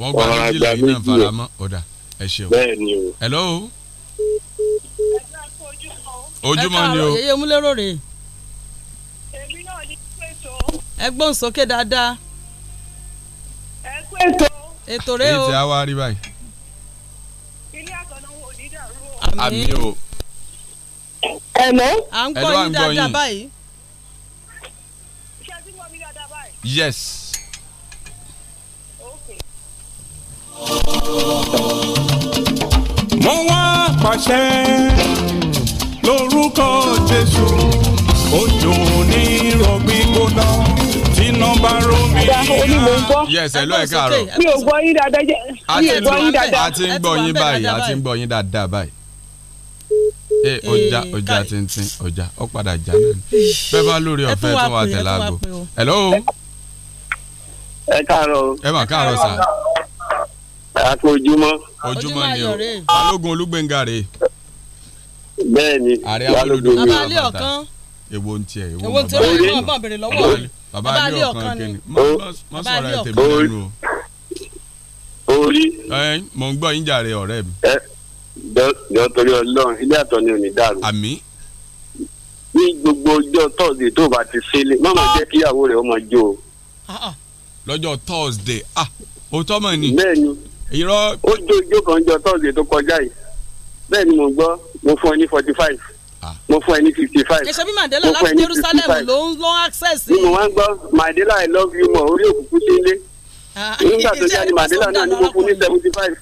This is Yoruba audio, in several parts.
wọ́n gba méjìlá yìí náà fara mọ́ ọ̀dà ẹ ṣeun. bẹ́ẹ̀ni o. hello. ojúmọ́ ni o. ẹ káàárọ̀ yeye múlẹ́rọ̀ rè. sókè dáadáa. ẹ pẹ̀tọ́. ètò rẹ o. èyí tí a rí báyìí. ilé àtọ̀nà wo o. àmín o. ẹ̀lọ́. à ń gbọ́ yín dáadáa báyìí. ṣé ẹ ti mọ̀ mi dáadáa báyìí. yes. mo wá pàṣẹ lórúkọ Jésù òjò ní rọ̀bì gbóná tíná bá rómi. yes ẹ ló ẹ káàárọ̀. mi ò gbọ́ yín dáadáa jẹ́ mi ò gbọ́ yín dáadáa. a ti ń gbọ́ yín báyìí a ti ń gbọ́ yín dáadáa báyìí ee eh, ọjà ọjà tíntín ọjà ó padà já náà bẹ́ẹ̀ bá lórí ọ̀fẹ́ tó wà tẹ láago. hello. ẹ káàárọ̀. ẹ mà káàárọ̀ sá. Ako ojúmọ́. ojúmọ́ ni o balógun olúgbẹ̀ngà rè. bẹ́ẹ̀ni balógun mi ò bàtà èwo ń tiẹ̀ èwo ń tiẹ̀ èwo ń tiẹ̀ lọ́wọ́ bàbá alẹ́ ọ̀kan ni bàbá alẹ́ ọ̀kan ni orí. ẹ mò ń gbọ́ yín jàre ọ̀rẹ́ mi. ẹ jọ torí Ọlọ́run ilé àtọ ni ò ní dàrú. àmín ní gbogbo ọjọ́ tọ́sídẹ̀ẹ́ tó bá ti sílé má máa jẹ́ kíyàwó rẹ̀ ó máa jó o. Ah, ah. lọ́jọ́ tọ́sídẹ̀ẹ́ ah òótọ́ mọ̀ ni. bẹ́ẹ̀ ni irọ́. ó jó ijó kan jọ tọ́sídẹ̀ẹ́ tó kọjá yìí bẹ́ẹ̀ ni mo gbọ́ mo fún ẹ ní forty five ah. mo fún ẹ ní fifty five mo fún ẹ ní fifty five. ẹ̀ṣẹ̀ bí Mandela láti Jerusalem ló ń lọ́ access. bí mo wá ń gbọ́ Mandela I love you mọ̀ orí òkùnkùn sí ilé ah. nígbà tó jáde Mandela náà ni mo fún ní seventy five.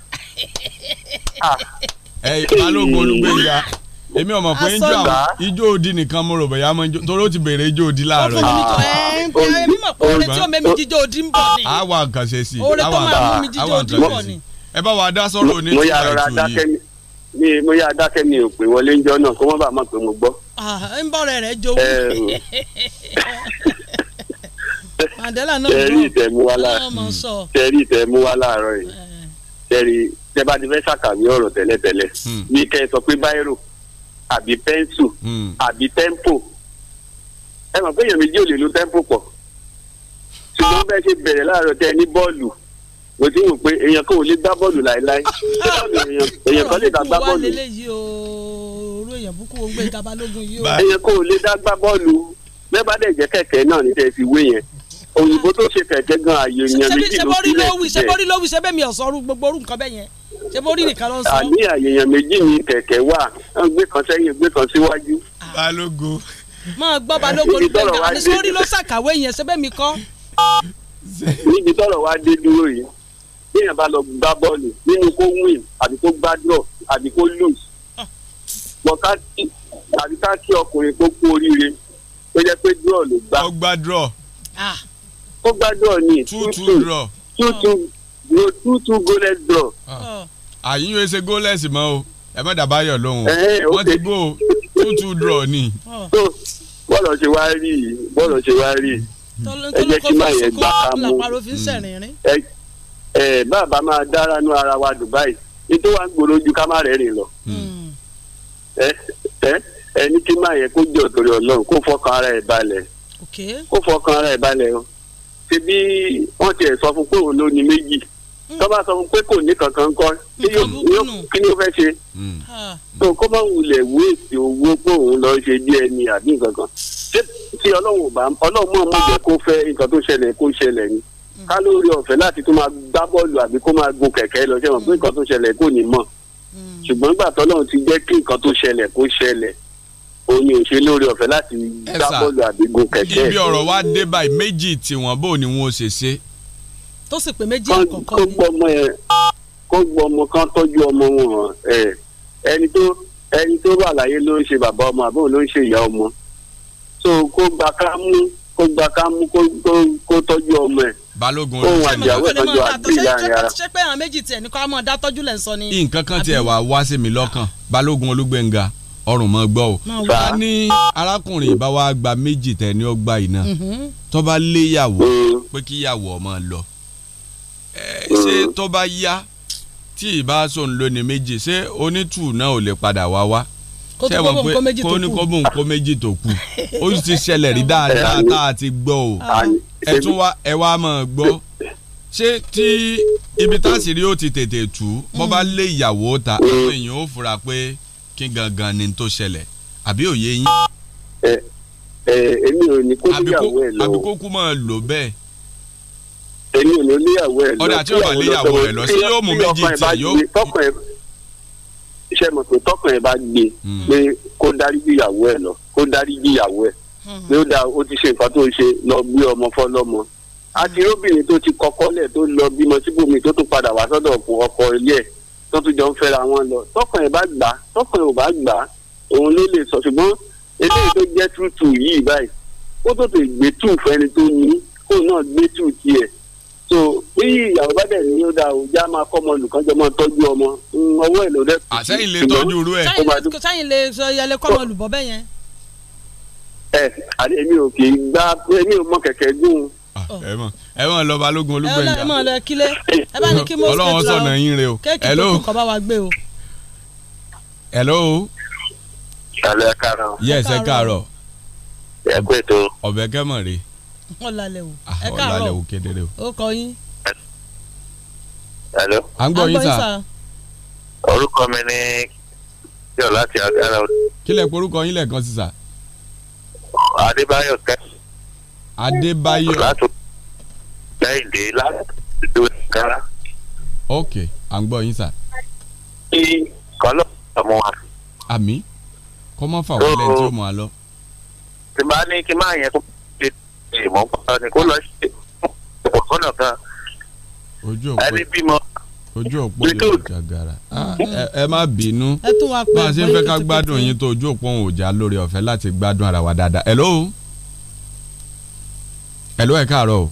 Ah. ẹ balógun olúgbèjà èmi ọmọ pé ń jó àwọn ijó odi nìkan mo rò bẹ̀yà máa torí ó ti bèrè ijó odi láàárọ̀ yìí. èmi mọ̀ pé orin tí ó jíjó odi ń bọ̀ ni. àwa nǹkan sí i àwa nǹkan sí i ẹ bá wa dá sọ́rọ̀ ní two by yìí ní mo yá adákẹ́ mi ò pè wọlé ń jọ náà kó wọ́n bá máa pè mo gbọ́. ń bọ̀rẹ̀ rẹ̀ jó. Mandela náà tẹ̀rí ìtẹ̀mú wa láàárọ̀ tẹ̀rí ìtẹ̀mú wa láàárọ̀ yìí tẹ̀rí tẹ́bàdìfẹ́ ṣàkàwé ọ̀rọ̀ tẹ́lẹ̀tẹ́lẹ̀ ní hmm. kẹ́ ẹ sọ pé báyìí rò àbí pẹ́ńsù hmm. àbí tẹ́ḿpò ẹ mọ̀ pé èèyàn méjì ò lè lo tẹ́ḿpò pọ̀ ṣùgbọ́n bẹ́ẹ̀ ṣe bẹ̀rẹ̀ láàárọ̀ tẹ ní bọ́ọ̀lù mo ti rò pé èèyàn kan ò lè gbá bọ́ọ̀lù láéláé èèyàn kan lè dá gbá bọ́ọ̀lù. èèyàn kan ò lè dá gbá bọ́ọ̀lù bẹ́ẹ̀ bá dẹ̀ jẹ́ kẹ̀kẹ́ náà ní tẹ̀ fi wé yẹn òyìnbó tó ṣe kẹ̀kẹ́ gan ààyè èèyàn méjì ló fi lẹ̀ ṣé bó rí nìkan ló ń sọ. àní àyèyàn méjì ni kẹ̀kẹ́ wà gbé kan sẹ́yìn gbé kan síwájú. Ah. balógun. máa gbọ́ balógun olùgbẹ́ka àní sórí ló ṣàkàwé yẹn ṣẹ́bẹ́ mi kọ́. níbi tọ́rọ̀ wa dé dúró yìí bíyàn bá lọ gbá bọ́ọ̀lù nínú kó win àbí kó gbá draw àbí kó lose ah. bọ́ká àbí ká kí ọkùnrin kó kú oríire tó jẹ́ pé draw ló gbá. ó gbá draw. Ah. ó gbá draw ni two two draw two two no two two goalless draw. àyìn yóò ṣe goalless mọ́ o ẹ má dàbá yọ̀ lóhùn eh, eh, wọ́n ti gbó two two draw ni. bọ́ọ̀lù ṣe wá rí i bọ́ọ̀lù ṣe wá rí i ẹ jẹ́ kí máa yẹn gbá a mú mm. ẹ bàbá máa dára nú ara wa Dubai nítorí wàá gbòòrò ju ká má rẹ̀ rìn lọ mm. ẹni tí máa yẹ kó jọ torí Ọlọ́run kó fọkàn ara ẹ̀ balẹ̀ kó fọkàn ara ẹ̀ balẹ̀ o ṣe bí wọ́n ti ẹ̀ sọ fún pé òun ló ní méjì tó bá sọ fún pé kò ní kankan kọ́ kí ni ó fẹ́ ṣe tó hmm. kó bá wulẹ̀ wéèsì owó pé òun lọ ṣe díẹ̀ ni àbí nǹkan kan ṣé tí ọlọ́run bá ọlọ́run mọ̀ mọ̀ jẹ́ kó fẹ́ nǹkan tó ṣẹlẹ̀ kó ṣẹlẹ̀ ni hmm. ká ló rí ọ̀fẹ́ láti tó máa gbá bọ́ọ̀lù àbí kó máa gun kẹ̀kẹ́ lọ ṣẹ́wọ̀n pé hmm. nǹkan tó ṣẹlẹ̀ kò ní mọ̀ ṣùgbọ́n nígbà tọ́lọ́run ti jẹ́ kí nǹkan tó ṣẹlẹ̀ kó ṣẹlẹ̀ òun ni òṣè lórí ọ̀fẹ́ láti gbá bọ́ọ̀lù àbí gun kẹ̀kẹ́. ibi ọ̀rọ̀ wa dé báyìí méjì tí wọ́n bò wọn ò ṣe ṣe tó sì pé méjì àkọ́kọ́ ni. kó gbọ́ ọmọ yẹn kó gbọ́ ọmọ kan tọ́jú ọmọ wọn ẹni tó ẹni tó wà láyé ló ń ṣe bàbá ọmọ àbúrò ló ń ṣe ìyá ọmọ so kó gba ká mú kó gba ká mú kó tọ́jú ọmọ ẹ̀ balógun olùsọ ní ìyàwó ìtọ́jú àbí láàrin ara. ṣé pé àwọn méjì tiẹ̀ ní kó mọ̀ dá tọ́jú lẹ̀ ń sọ ni. nǹkan kan tiẹ̀ wá wá sí mi lọ́kàn balógun olúgbẹ̀ngà ọrùn mọ́ gbọ́ o. bá a ní arákùnrin bá gba méjì tẹ̀ ní ọgbà iná mhm. tó bá léyàwó mm. pé kíyàwó ọmọ lọ Eh, ṣé mm. tó bá yá tí ìbá sòun lónìí méjì ṣé onítù náà ò lè padà wá wá ṣé wọn pé kó ní kó bó nǹkan méjì tó kù ó sì ti ṣẹlẹ̀ rí dáadáa tá a ti gbọ́ o ah. Ah. ẹ tún wá ẹ wá máa gbọ́ ṣé tí ibi táṣìírí ó ti tètè tú bọ́ bá mm. lé ìyàwó ta mm. àwọn èèyàn ó fura pé kí gangan ni tó ṣẹlẹ̀ àbí òye yín. Eh, eh, èmi ò ní kó níyàwó ẹ lọ àbí kó máa lò bẹ́ẹ̀ èmi ò ní léyàwó ẹ lọ ọdà tí yóò bá léyàwó ẹ lọ sí yóò mú méjì tì yóò. iṣẹ́ mọ̀ pé tọkàn ẹ̀ bá gbé hmm. pé kó darí gbéyàwó ẹ̀ lọ kó darí gbéyàwó ẹ̀ hmm. ló dá o ti ṣe nǹkan tó ń ṣe lọ gbé ọmọ fọlọ́mọ àti irúbìnrin tó ti kọ́kọ́ lẹ̀ tó lọ bímọ síbòmí tó tún padà wá sọ́dọ̀ ọkọ ilé ẹ̀ tó tún jọ ń fẹ́ra wọn lọ tọkàn ẹ̀ bá gbà tọkàn ẹ̀ ò bá gbà òun ló lè sọ ṣùgbọ́n eléyìí tó jẹ́ tútù yìí báyìí ó tó tè gbé tù fẹ́ni tó ní kóun náà gbé tù tiẹ̀ so bí ìyàwó bá dẹ̀ ní ó òjá máa kọ́ ọmọ nìkan jọ máa tọ́jú ọmọ mm, ọwọ́ ẹ̀ ló dẹ́. àsẹ́yìn lè tọ́jú irú ẹ̀. sẹ́yìn lè sọ yẹlẹ kọ́ ọmọ olùbọ́ bẹ́ẹ̀ yẹn. ẹ àdé mi ò kì í gbá èmi ò mọ kẹ̀kẹ́ gùn. Ah, ẹ mọ ẹ mọ lọ balógun olúgbẹ̀yìn. ẹ mọ lọ kílé ẹ bá ní kí mo sọ̀nà yín re o. kéèkì tó kù bá wa gbé o. hello. hello ẹ káàárọ̀ ọ̀làlẹ̀ o ah, ẹ káàárọ̀ ọ̀làlẹ̀ o kedere o. ó kọ yín. hello. à ń gbọ́ yín sà. orúkọ mi ni yóò láti agbára. kí lẹ pé orúkọ yín lẹ́ẹ̀kan sí adébáyọ̀ kẹ́. adébáyọ̀. láti lẹ́yìn dé láti ìlú ìkárá. ok à ń gbọ́ yín sà. kí kọ́lọ́ ọmọ wa. àmì kọ́mọ́fà wọlé tí ó mọ̀ á lọ. tìǹbà ní kí n máa yẹn kó ìmọ̀pá ni kó lọ ṣe ọ̀pọ̀ sọ́nà kan ẹni bímọ ojú òpó yóò jàgàrà ah, ẹ má bínú bá a ṣe ń fẹ́ ká gbádùn yín tó ojú òpó òun ò já lórí ọ̀fẹ́ láti gbádùn ara wa dáadáa hello hello ẹ káàárọ̀ o.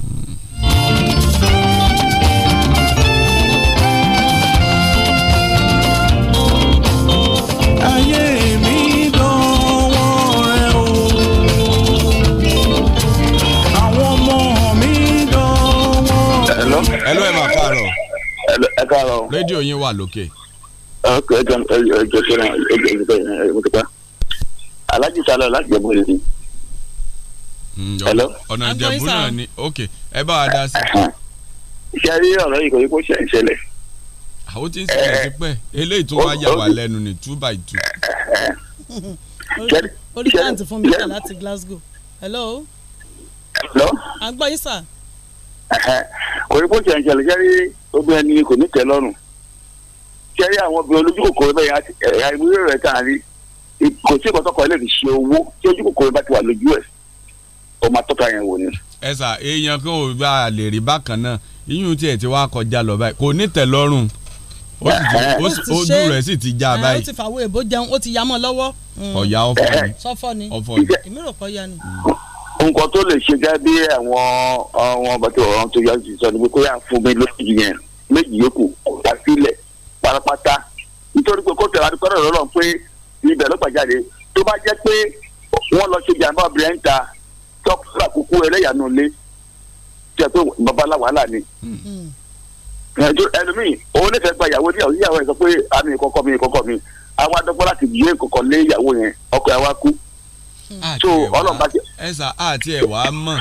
Hmm. ẹ káàárọ̀. rédíò yín wà lókè. ọkọ ẹjọ ẹjọ sọ̀rọ̀ ẹjọ ẹjọ ẹjọ ẹjọ alájí sálọ láti jẹ bóyá ni. Hmm, ọ̀nà ìjẹ̀bú náà ni ok ẹ bá wa dá sí. ṣé ẹ rí ọ̀rọ̀ yìí kò yẹ kó ṣe ìṣẹ̀lẹ̀. àwọn tí ń ṣẹlẹ̀ sí pẹ́ eléyìí tó wá yà wá lẹ́nu ni two by two. orí káàntì fún mi kà láti Glasgow. hello. hello. àgbọ̀ yìí sà kò ní kó jẹ́rí obìnrin ni kò ní tẹ́ lọ́rùn jẹ́rí àwọn obìnrin olójú bẹ́ẹ̀ ẹ̀yà ìmúlò rẹ̀ tàn rí kò sí ìkọ́tọ́kọ ilé ní ṣe owó tí ojú bá ti wà lójú ẹ̀ ó máa tọ́ka yẹn wò ni. ẹ sà èèyàn kan ò bá a lè rí bákan náà iyún tiẹ̀ ti wá kọjá lọ báyìí kò ní tẹ́ lọ́rùn ojú rẹ̀ sì ti já báyìí. ó ti fàwọ̀ èbó jẹun ó ti yamọ́ lọ́wọ́. ọ̀yà ọ̀fọ̀ nǹkan tó lè ṣe gẹ́gẹ́ bí àwọn àwọn bàtí ọ̀rọ̀ tó yá sí sọ ni pé kó yà fún mi lóṣù yẹn méjì yòókù kò dá sílẹ̀ pátápátá nítorí pé kó tẹ̀lé adúpẹ́ rẹ̀ lọ́rùn pé ibẹ̀ ló gbàjáde tó bá jẹ́ pé wọ́n lọ ṣe jàǹbá obìnrin ń ta tọ́kùnrin àkókò ẹlẹ́yàánú lé jẹ́ pé babalá wàhálà ni. Hmm. ẹlòmíì òun lè fẹ́ gba ìyàwó ní ìyàwó yẹn sọ pé àmì ìkọ̀kọ̀ mi ìkọ̀kọ̀ mi àwọn adọ́gbọ́n láti gbé ìkọ̀kọ̀ lé ìyàwó yẹn ọkọ ẹ̀ wá kú. Hmm. so ọlọ́run bá jẹ. ẹ sà á ti ẹ̀ wá mọ̀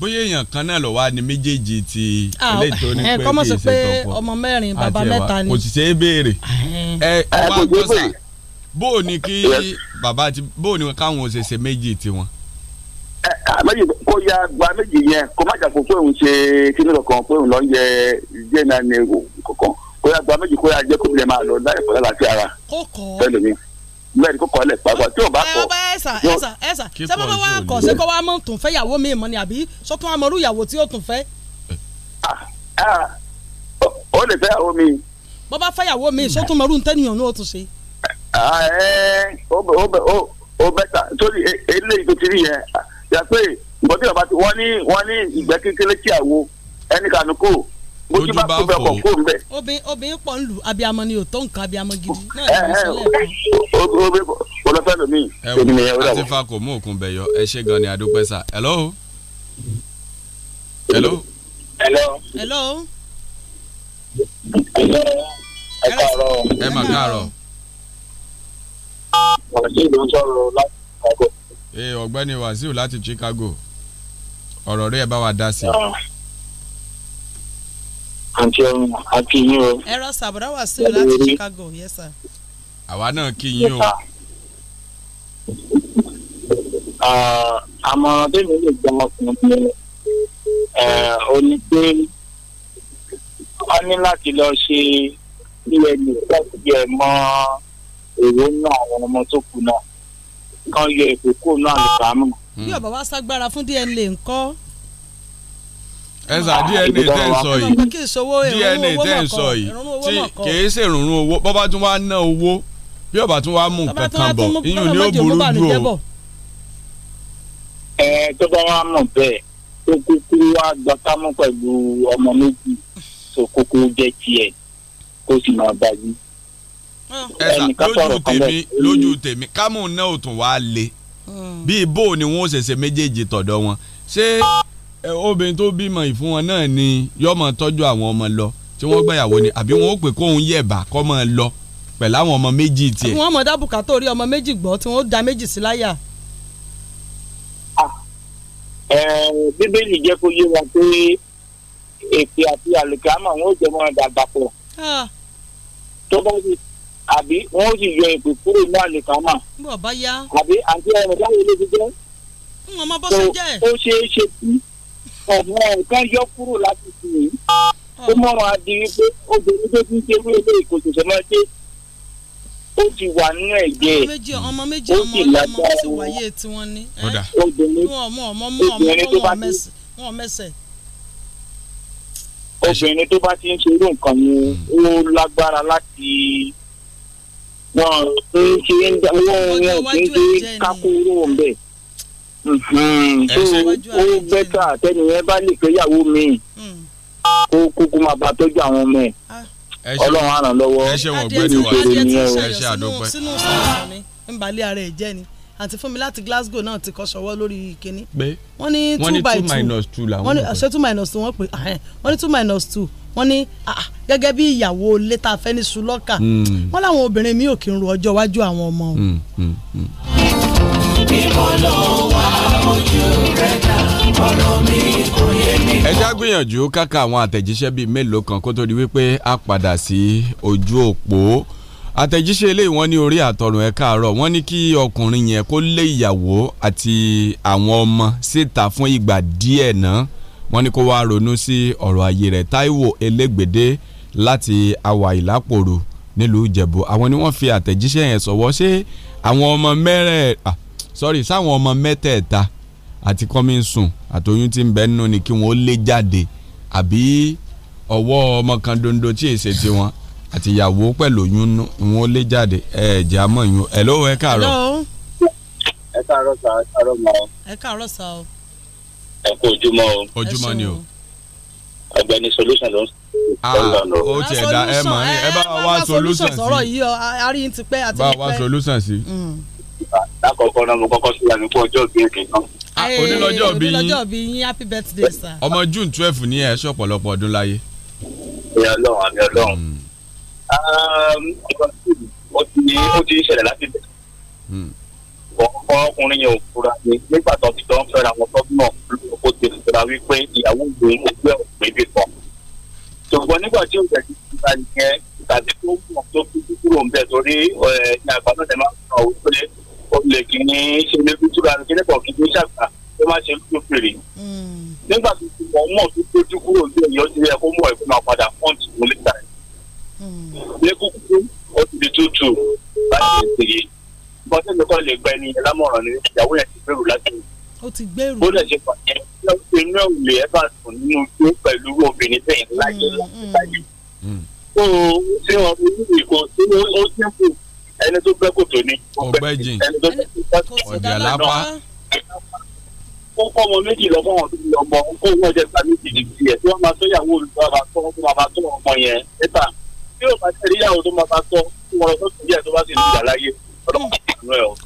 bóyá èèyàn kan náà lọ wá ní méjèèjì ti ah, eléyìí tó ní pé kí n ṣe tọkọ ọmọ mẹ́rin bàbá mẹ́ta ni kò sì ṣe é béèrè eh. ẹ wá gbọ́ sà bó o ní kí bàbá ti bó o ní káwọn òṣèṣe méjì tiwọn. méjì kó ya gba méjì yẹn kó má jàpọ̀ pé òun ṣe kíní kankan pé òun lọ ń yẹ jẹ́ náà ní kankan kó ya gba méjì kó ya jẹ́ kó lè máa lọ láì fọ́lá láti ara. kókó mẹ́rin kó kọ́lẹ̀ pàápàá tí ò bá kọ́. ẹ̀sà ẹ̀sà ẹ̀sà sẹ́kọ̀ wá kọ̀ sẹ́kọ̀ wá mọ̀ tún fẹ́ yàwó mi mọ́ ni àbí sọ́kún amọ̀rú yàwó tí ó tún fẹ́. Ah, ah, ó lè fẹ́ yàwó mi. bọ́ bá fẹ́ yàwó mi sọ́kún mọ̀rú ntẹ́niyàn ló tún ṣe. Ah, eh, ó bẹ́tà sórí eh, eléyìí tó ti rí yẹn yàtọ̀ nǹkan tí wọ́n ní ìgbẹ́ kékeré tí àwo ẹnì kanukó bójú bá kú bẹ́ẹ̀ bọ̀ kó n bẹ́ẹ̀. obìnrin pọ̀ ń lu abiyamọ ni ò tó nǹkan abiyamọ gidi náà ló ń sọ lẹ́ẹ̀kan. olùfẹ́ lomi. ẹ wo àti fa kò mú òkun bẹ̀ yọ ẹ ṣe gan ni adúpẹ́ sà. hello. hello. hello. hello. ẹ káàárọ̀. ẹ mà káàárọ̀. wàṣíù ló ń sọ̀rọ̀ láti Chicago. ọ̀gbẹ́ni wàṣíù láti Chicago ọ̀rọ̀ rẹ̀ bá wa dá sí i. Ah àti ọrùn àti yín o. ẹ sàbúrà wà sí láti Chicago yes sir. àwa náà kí yín o. àmọ̀ràn tèmi lè gba ọkùnrin ni ó ní pé wọ́n ní láti lọ ṣe ilé ní láti yẹ mọ́ èrò náà àwọn ọmọ tó kù náà kan yọ èkó kúrò náà lè bá mọ̀. bí ọ̀bà wa ságbára fún DNA ńkọ́ ẹ̀sà DNA tẹ̀ ń sọ yìí DNA tẹ̀ ń sọ yìí tí kìí ṣèrùnrún owó bọ́bá tún wá ná owó bí ọba tún wá mú nǹkan kan bọ̀ iyùn ni ó burú jù o. ẹ tó bá wá mọ̀ bẹ́ẹ̀ tó kúkú wá gbàkámú pẹ̀lú ọmọ méjì tó kúkú jẹ́ tiẹ̀ kó sì máa bá yín ẹsà lójú tèmi lójú tèmi kámú náà ò tún wá le hmm. bíi bó ni wọn ò ṣẹ̀ṣẹ̀ méjèèjì tọ̀dọ̀ wọn ṣé obìnrin tó bímọ ìfún wọn náà ni yọmọ tọ́jú àwọn ọmọ lọ tí wọ́n gbàyàwó ni àbí wọn ó pè kóun yẹ̀bà kọ́ mọ́ ẹ lọ pẹ̀lú àwọn ọmọ méjì tiẹ̀. wọ́n mọ̀ dábùkà tó rí ọmọ méjì gbọ́ tí wọ́n da méjì sí láyà. Ah, bíbélì jẹ́ kó yé wa pé èpè àti àlùkámà wọn ò jẹ́ mọ́ dàgbà pọ̀. Ah. tó bá ti àbí wọn ò sì yọ èpè kúrò ní àlùkámà. bọ̀ bá yá. àbí àti ẹ̀rọ báwo ló ti jẹ́. ń ọmọ bọ́sẹ̀ jẹ́. ó ṣeé ṣe kí ọ̀gbọ́n nǹkan yọ kúrò láti sùn yìí tó mọ̀ràn á di wípé obìnrin tó ti ń ṣe wíwé kò ṣẹ̀ṣẹ̀ máa ṣe ó ti wà nínú ẹ̀jẹ̀ ó sì lágbára ọmọ méjì ọmọ ọlọ́mọ ti wáyé tí wọ́n ní obìnrin tó bá ti wọ́n mẹ́sẹ̀. obìnrin tó bá ti ń ṣerú nǹkan ni hmm. ó lágbára láti wọn kì í ṣe wọn kì í ṣe kákó owó ń bẹ̀. Mm-hmm. ó bẹ́tà tẹ́niyẹn bá lè fẹ́ mi mm. kó kókó máa bá tọ́jú àwọn ọmọ ẹ̀ ah. ọlọ́run á lọ́wọ́ ẹ ṣe wọ̀ ẹ ṣe sínú sọ̀rọ̀ ń balẹ̀ ara ẹ̀ jẹ́ ni àti fún mi láti Glasgow náà ti kọ́ sọ̀wọ́ lórí ìkíní. wọ́n ní two by two minus two làwọn kọ́ ṣé two minus two wọ́n pè wọ́n ní two minus two wọ́n ní ah, ah, gẹ́gẹ́ bí ìyàwó létà fẹ́ni sulọ́kà hmm. wọ́n láwọn obìnrin mi ò kí ń ro ọjọ́ iwájú àwọn ọmọ ẹ já gbìyànjú káka àwọn àtẹ̀jíṣẹ́ bíi mélòó kan kó tó di wípé a padà sí ojú òpó àtẹ̀jíṣẹ́ eléyìí wọ́n ní orí àtọ̀rùn ẹ̀ káàárọ̀ wọ́n ní kí ọkùnrin yẹn kó lé ìyàwó àti àwọn ọmọ síta fún ìgbà díẹ̀ náà wọ́n ní kó wá ronú sí ọ̀rọ̀ ayé rẹ̀ Táíwò Elégbèdé láti àwà ìlápòrò nílùú Ìjẹ̀bú àwọn ni wọ́n fi àtẹ̀jíṣẹ́ yẹn sọ̀wọ́ ṣé àwọn ọmọ mẹ́rẹ̀ẹ́ sorry sáwọn ọmọ mẹ́tẹ̀ẹ̀ta àti kọ́mínsùn àtòyún tí ń bẹ nínú ni kí wọ́n lé jáde àbí ọwọ́ ọmọ kan dondo tí èsè tiwọn àti ìyàwó pẹ̀lú oyún wọn lé jáde ẹ jẹ́ àmọ́ yín ẹ ló ẹ káàárọ̀. ẹ káàárọ̀ sá ẹ káàárọ̀ mọ́. ẹ káàárọ̀ sá o. ẹ kú ojúmọ́ o. ojúmọ́ ni o. ọ̀gbẹ́ni solution ló ń sọ ah, ó tiẹ̀ da ẹ mọ̀ ẹ bá wa solution sí. bá wa solution sí. Mm lákọ̀ọ́kọ́ náà mo kọ́kọ́ sí àmì fún ọjọ́ bíi èkì náà. Ah, eh, onílọ́jọ́ bí yín happy birthday sir. ọmọ june twelve ní ẹ ṣe ọ̀pọ̀lọpọ̀ ọdún láyé. ẹ ọlọ́run àmì ọlọ́run hmm. um, ó ti ó ti ṣẹlẹ̀ láti bẹ̀. Hmm. ọkùnrin yẹn ò fura ni nígbà tó ti jọ ń fẹ́ra wọn tọ́gbọ́n náà ó ti fura wípé ìyàwó ìgbóhùn ó gbé ọ̀pẹ̀ ibì kan. ṣùgbọ́n nígbà tí ó tẹ̀sí ìta yẹn tàbí tó mọ̀ tó fi kúrò ń bẹ̀ torí ẹ̀ eh, ní àgbà public ní ṣe lè fi túra ní kíníkọ̀ kí ní ṣàgbà tó má ṣe tó fèrè. Hmm. nígbà tó ti mọ̀ mọ̀ tó tójú kúrò ní èèyàn ti yẹ kó mọ̀ ẹ̀kọ́ máa padà pọ́ǹtì mú lẹ́tà ẹ̀. lẹ́kùnkùn ó ti di tútù láti lè ṣèyí bọ́sẹ̀ mi kọ́ lè gba ẹni yẹn lámọ̀ràn ni ìyàwó yẹn ti gbèrú láti rìn. ó ti gbèrú. ó dẹ̀ ṣe pàṣẹ inú ẹ̀ lè ẹ́ bá sùn nínú tó pẹ̀lú obìnrin bẹ́ẹ̀ láyé láyé. Hmm. Hmm. ó ṣe wọn ojú ìkó ó ti ń ẹni tó gbẹ́ kòtò ni. ọgbẹ́jìn ọ̀dẹ̀ alápá. ó kọ́ ọmọ méjì lọ fún ọdún ilé ọmọ kó wọ́n jẹ gba méjì ní tiẹ̀ tí wọ́n máa sọ ìyàwó olùkọ́ àbá tọ́ tó máa bá tọ́ ọmọ yẹn níta bí ó bá tẹ̀lé ìyàwó tó máa bá tọ́ tó wọ́n lọ sọ́kùn díẹ̀ tó bá sì ní ìjà láyé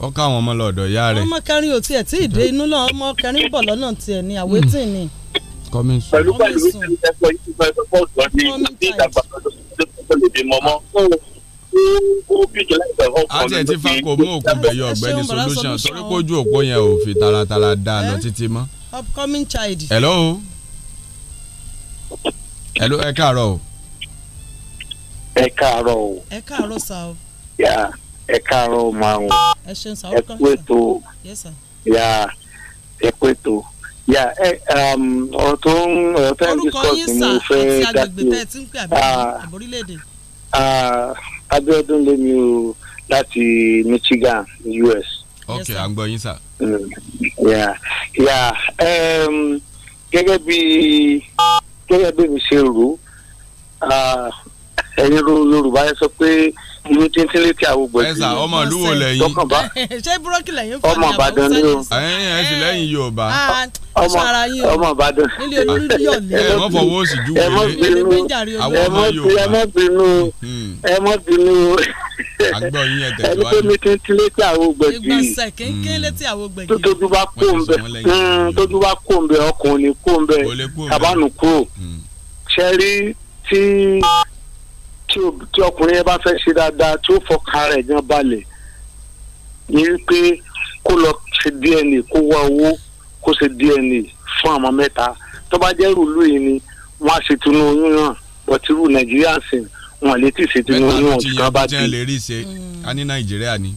ó ká àwọn ọmọ lọ́dọ̀ ìyá rẹ̀. ọmọ kẹrin ò tiẹ̀ tí ì dé inú náà ọmọ kẹrin bọ̀ lọ́nà tiẹ̀ ni àwétì ni. kọ́mí sùn. pẹ̀lú pẹ̀lú ìṣẹ̀lẹ̀ ẹ̀kọ́ ìṣẹ̀lẹ̀ ẹ̀kọ́ ìṣẹ̀lẹ̀ ìdàgbàsókè tó lè dè mọ́mọ́ àti ẹ̀ tí fa kò mú òkú bẹ̀yẹ ọ̀gbẹ́ni solution torí pójú òpó yẹn ò fi taratara dá lọ títí mọ́. upcoming child. hello. hello ẹ káàárọ̀ o. ẹ káàárọ̀ o. ẹ káàárọ̀ sá o. yà ẹ káàárọ̀ o máa ń. ẹ ṣeun sá o kọ́ ẹ tó. yà ẹ pé tó. yà ẹ um, ọ̀rọ̀ tó ń ọ̀rọ̀ tó ń discuss ni mo fẹ́ dá sí o. orúkọ yín sá àti agbègbè tẹ̀ tí ń pè àbí ah, àbórílẹ̀-èdè. Ah, Abiodun lèmi o láti Michigan US. ok à ń gbọ́ yín sà. Mm. Um, gẹ́gẹ́ bí gẹ́gẹ́ bí mi ṣe rò ó uh, ẹ̀yin Yorùbá yẹn sọ pé ní tíntín létí àwògbò sí i. ẹ̀sà ọmọ ìlú wo lẹ́yìn. tọkànbá ṣé búrọ́kì lẹ́yìn fún mi Ìbàdàn ni o. ẹ̀yìn ẹ̀sìn lẹ́yìn eh, Yorùbá. Ah, ọmọ Ìbàdàn. nílé olúyọ̀lé. ẹ mọ fọwọ́ òsì ju wèrè àwọn ọmọ Yorùbá. ẹ mọ bínú hmm. ẹ mọ bínú. àgbọ̀ yín tó ní tíntín létí àwògbò sí i. ìgbọ̀nsẹ̀ kéńké létí àwògbò yìí. tójú bá kó hmm, bá kó ń bẹ ọkùnrin kó ń bẹ tí ọkùnrin yẹn bá fẹ́ ṣe dáadáa tí ó fọkàn rẹ̀ gan balẹ̀ ni pé kó lọ ṣe DNA kó wá owó kó ṣe DNA fún àwọn mẹ́ta tó bá jẹ́ rúlú yìí ni wọ́n á ṣètùnú oyún náà bọ̀tírù nàìjíríà sìn wọn lè tí ì ṣètùnú oyún ọ̀hún kan bá ti. mẹ́ta àti yẹn lè rí ṣe mm. a ní nàìjíríà ni.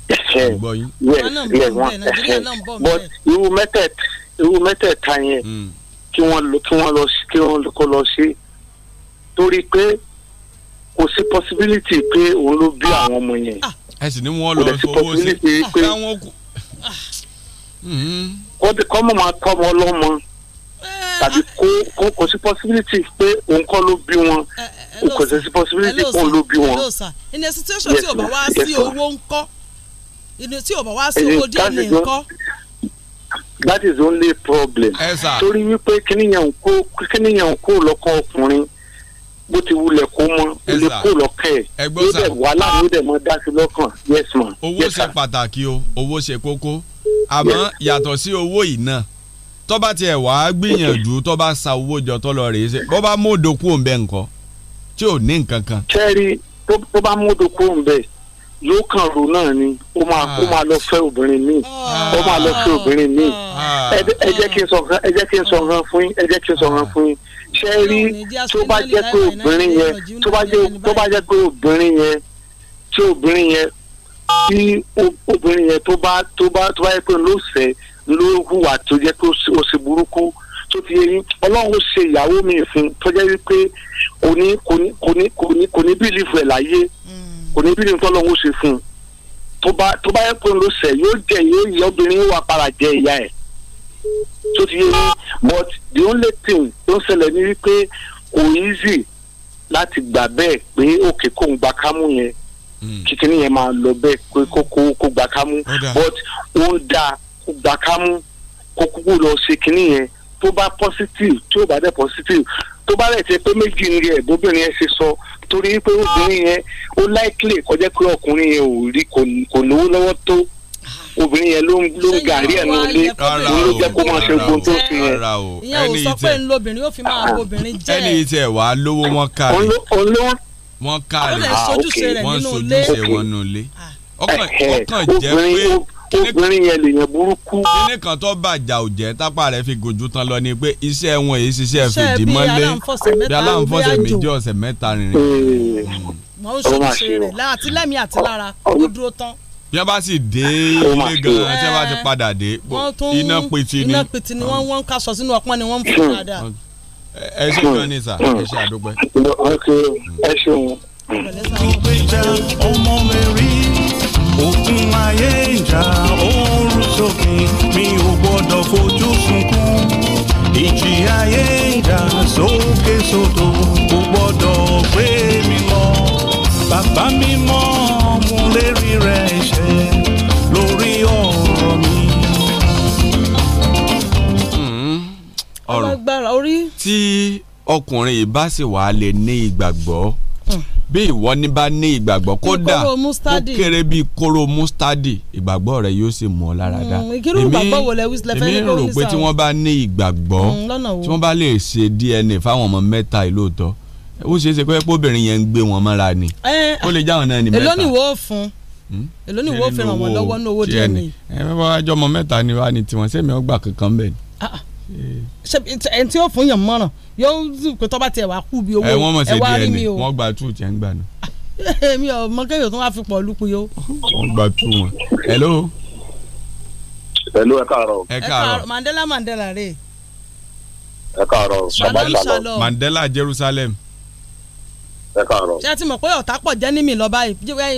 but irú mẹ́tẹ̀ẹ̀ta irú mẹ́tẹ̀ẹ̀ta yẹn mm. kí wọ́n lọ kí wọ́n lọ kí wọ́n lọ ṣe torí pé kò sí possibility pé òun ló bí àwọn ọmọ yẹn ah. ẹ sì ní wọn lọ fowó sí ah. káwọn kù. kọ́dé kọ́mọ̀ máa tọ́mọ ọlọ́mọ eh, tàbí ah. kó kò sí possibility pé òun kọ́ ló bí wọn eh, eh, kò sí possibility pé òun ló bí wọn. in a situation tí o bá wá sí owó ńkọ́ tí o bá wá sí owó díẹ̀ ní ńkọ́ that is only problem. torí wípé kíníyàn kó kíníyàn kó lọ́kọ́ ọkùnrin bó ti wulẹ̀ kó mọ́ ilé kó lọ́kẹ́ ẹ̀ yóò dẹ̀ wàhálà yóò dẹ̀ mọ́ dá lọ́kàn yes ma. owó ṣe pàtàkì o owó ṣe kókó àmọ́ yàtọ̀ sí owó yìí náà tó bá wá gbìyànjú tó sa owó jọ tó lọ rèé ṣe bó bá mòdò kú òǹbẹ nǹkan tí ò ní nǹkan kan. kẹ́rì tó bá mòdò kú òǹbẹ yóò kàn rò náà ni ó máa ó máa lọ fẹ́ obìnrin míì ó máa lọ fẹ́ obìnrin míì ah. ẹ jẹ́ kí n sọ ẹ jẹ́ kí n sọ fún yín ẹ jẹ́ kí n sọ fún yín ṣe rí tó bá jẹ́ pé obìnrin yẹn tó bá jẹ́ pé obìnrin yẹn tí obìnrin yẹn tí obìnrin yẹn tó bá tó bá tó bá yẹ pé ló fẹ́ ló hùwà tó jẹ́ pé ó sì burúkú tó ti yẹ yín ọlọ́run ṣe ìyàwó mi fún tó jẹ́ wípé kò ní kò ní kò ní kò ní kò ní bìlífù ẹ̀ láyé hmm. kò ní bìlífù tọ́lọ́run ṣe fún un tó bá tó bá yẹ kó ló ṣe yóò jẹ yóò yẹ obìnrin wà para jẹ ìyá ẹ̀ tó ti yé mi but the only thing tó ń ṣẹlẹ̀ ni wípé kò easy láti gbà bẹ́ẹ̀ pé òkè kóun gba kámú yẹn hmm. kìkìní yẹn máa lọ bẹ́ẹ̀ pé kókó kó gba kámú but ó ń da kó gba kámú kó kúkú lọ ṣe kìíní yẹn tó bá positive tí ó bá dẹ̀ positive tó bá rẹ̀ tẹ́ pé méjì ni rẹ̀ bóbìnrin yẹn ṣe sọ torí pé obìnrin yẹn ó likely kọjá pé ọkùnrin yẹn ò rí kò lówó lọ́wọ́ tó obìnrin yẹn ló ń ló ń gàrí ẹ̀ nínú ilé òun ló jẹ́ kó máa ṣe gbogbo tó fi yẹn. ìyẹn ò sọ pé ń lobìnrin ó fi máa bobìnrin jẹ́ ẹni yìí tiẹ̀ wá lówó ah, wọn kárẹ̀ wọn kárẹ̀ wọn sojúṣe wọn nù ilé ah. eh, eh, ọkàn jẹ́ pé obìnrin yẹn lèyàn burúkú. kíní kan tó bàjá ò jẹ́ tápá rẹ̀ fi gòjú tán lọ ni pé iṣẹ́ wọn èyí ṣiṣẹ́ fìdí mọ́lé bí aláǹfọ̀sẹ̀ méjì ọ̀sẹ̀ mẹ́ta rìnrìn. Eh, wọ́n ń ṣojúṣe rẹ̀ láti lẹ́mìí àti lára ó dúró tán yẹn bá sì dé ilé gan-an tí wọ́n bá ti padà dé iná pété ni iná pété ni wọ́n ń kaṣọ sínú ọpọ́n ni wọ́n ń fún padà. ẹ ṣe kan ní sà ẹ ṣe àdúgbò. ẹ ṣeun. ìgbé jà ọmọ mi rí òkun ayé ìjà oorun sófin mi ò gbọ́dọ̀ fojú sunkún ìjì ayé ìjà sókè sódò kò gbọ́dọ̀ gbé mi lọ bàbá mi mọ́ lérí rẹ̀ ṣe lórí ọ̀rọ̀ mi. Hmm. ọ̀rọ̀ tí ọkùnrin yìí bá sì wà á lè ní ìgbàgbọ́ hmm. bí ìwọ ní bá ní ìgbàgbọ́ kódà ó kéré bíi kóró mustadi ìgbàgbọ́ rẹ yóò sì mú ọ lára dá hmm, èmi rò pé tí wọ́n bá ní ìgbàgbọ́ tí wọ́n bá lè ṣe DNA fáwọn ọmọ mẹ́ta ìlóòótọ́ ó ṣeé ṣe pé obìnrin yẹn ń gbé wọn mọ́ra ni ó lè jáwọn náà ní mẹ́ta hmm? èló ni wọ́n fún èló ni wọ́n fẹ́ràn wọn lọ́wọ́ ní owó díẹ̀ ni. ẹ bá wá jọmọ mẹ́ta ni wá ní tiwọn sẹ́mi ọgbà kankan bẹ́ẹ̀ ni. Ah, ah. ṣe ẹni tí yóò fún yàn mọ́ràn yóò dùn pé tọ́ba tiẹ̀ wá kú bí owó ẹ wá rí mi o. wọ́n gba tú tiẹ̀ ń gbà nù. mi ò mọ kéèyàn tó wá fi pọ̀ lùkù yó. wọ́n gba tú wọn. hello. hello ẹ káàárọ̀. ẹ káàárọ̀ Mandela Mandela rè. ẹ káàárọ̀ ẹ káàárọ̀. ṣé ẹ ti mọ̀ pé ọ̀tá pọ̀ jẹ́ ní mi lọ báyìí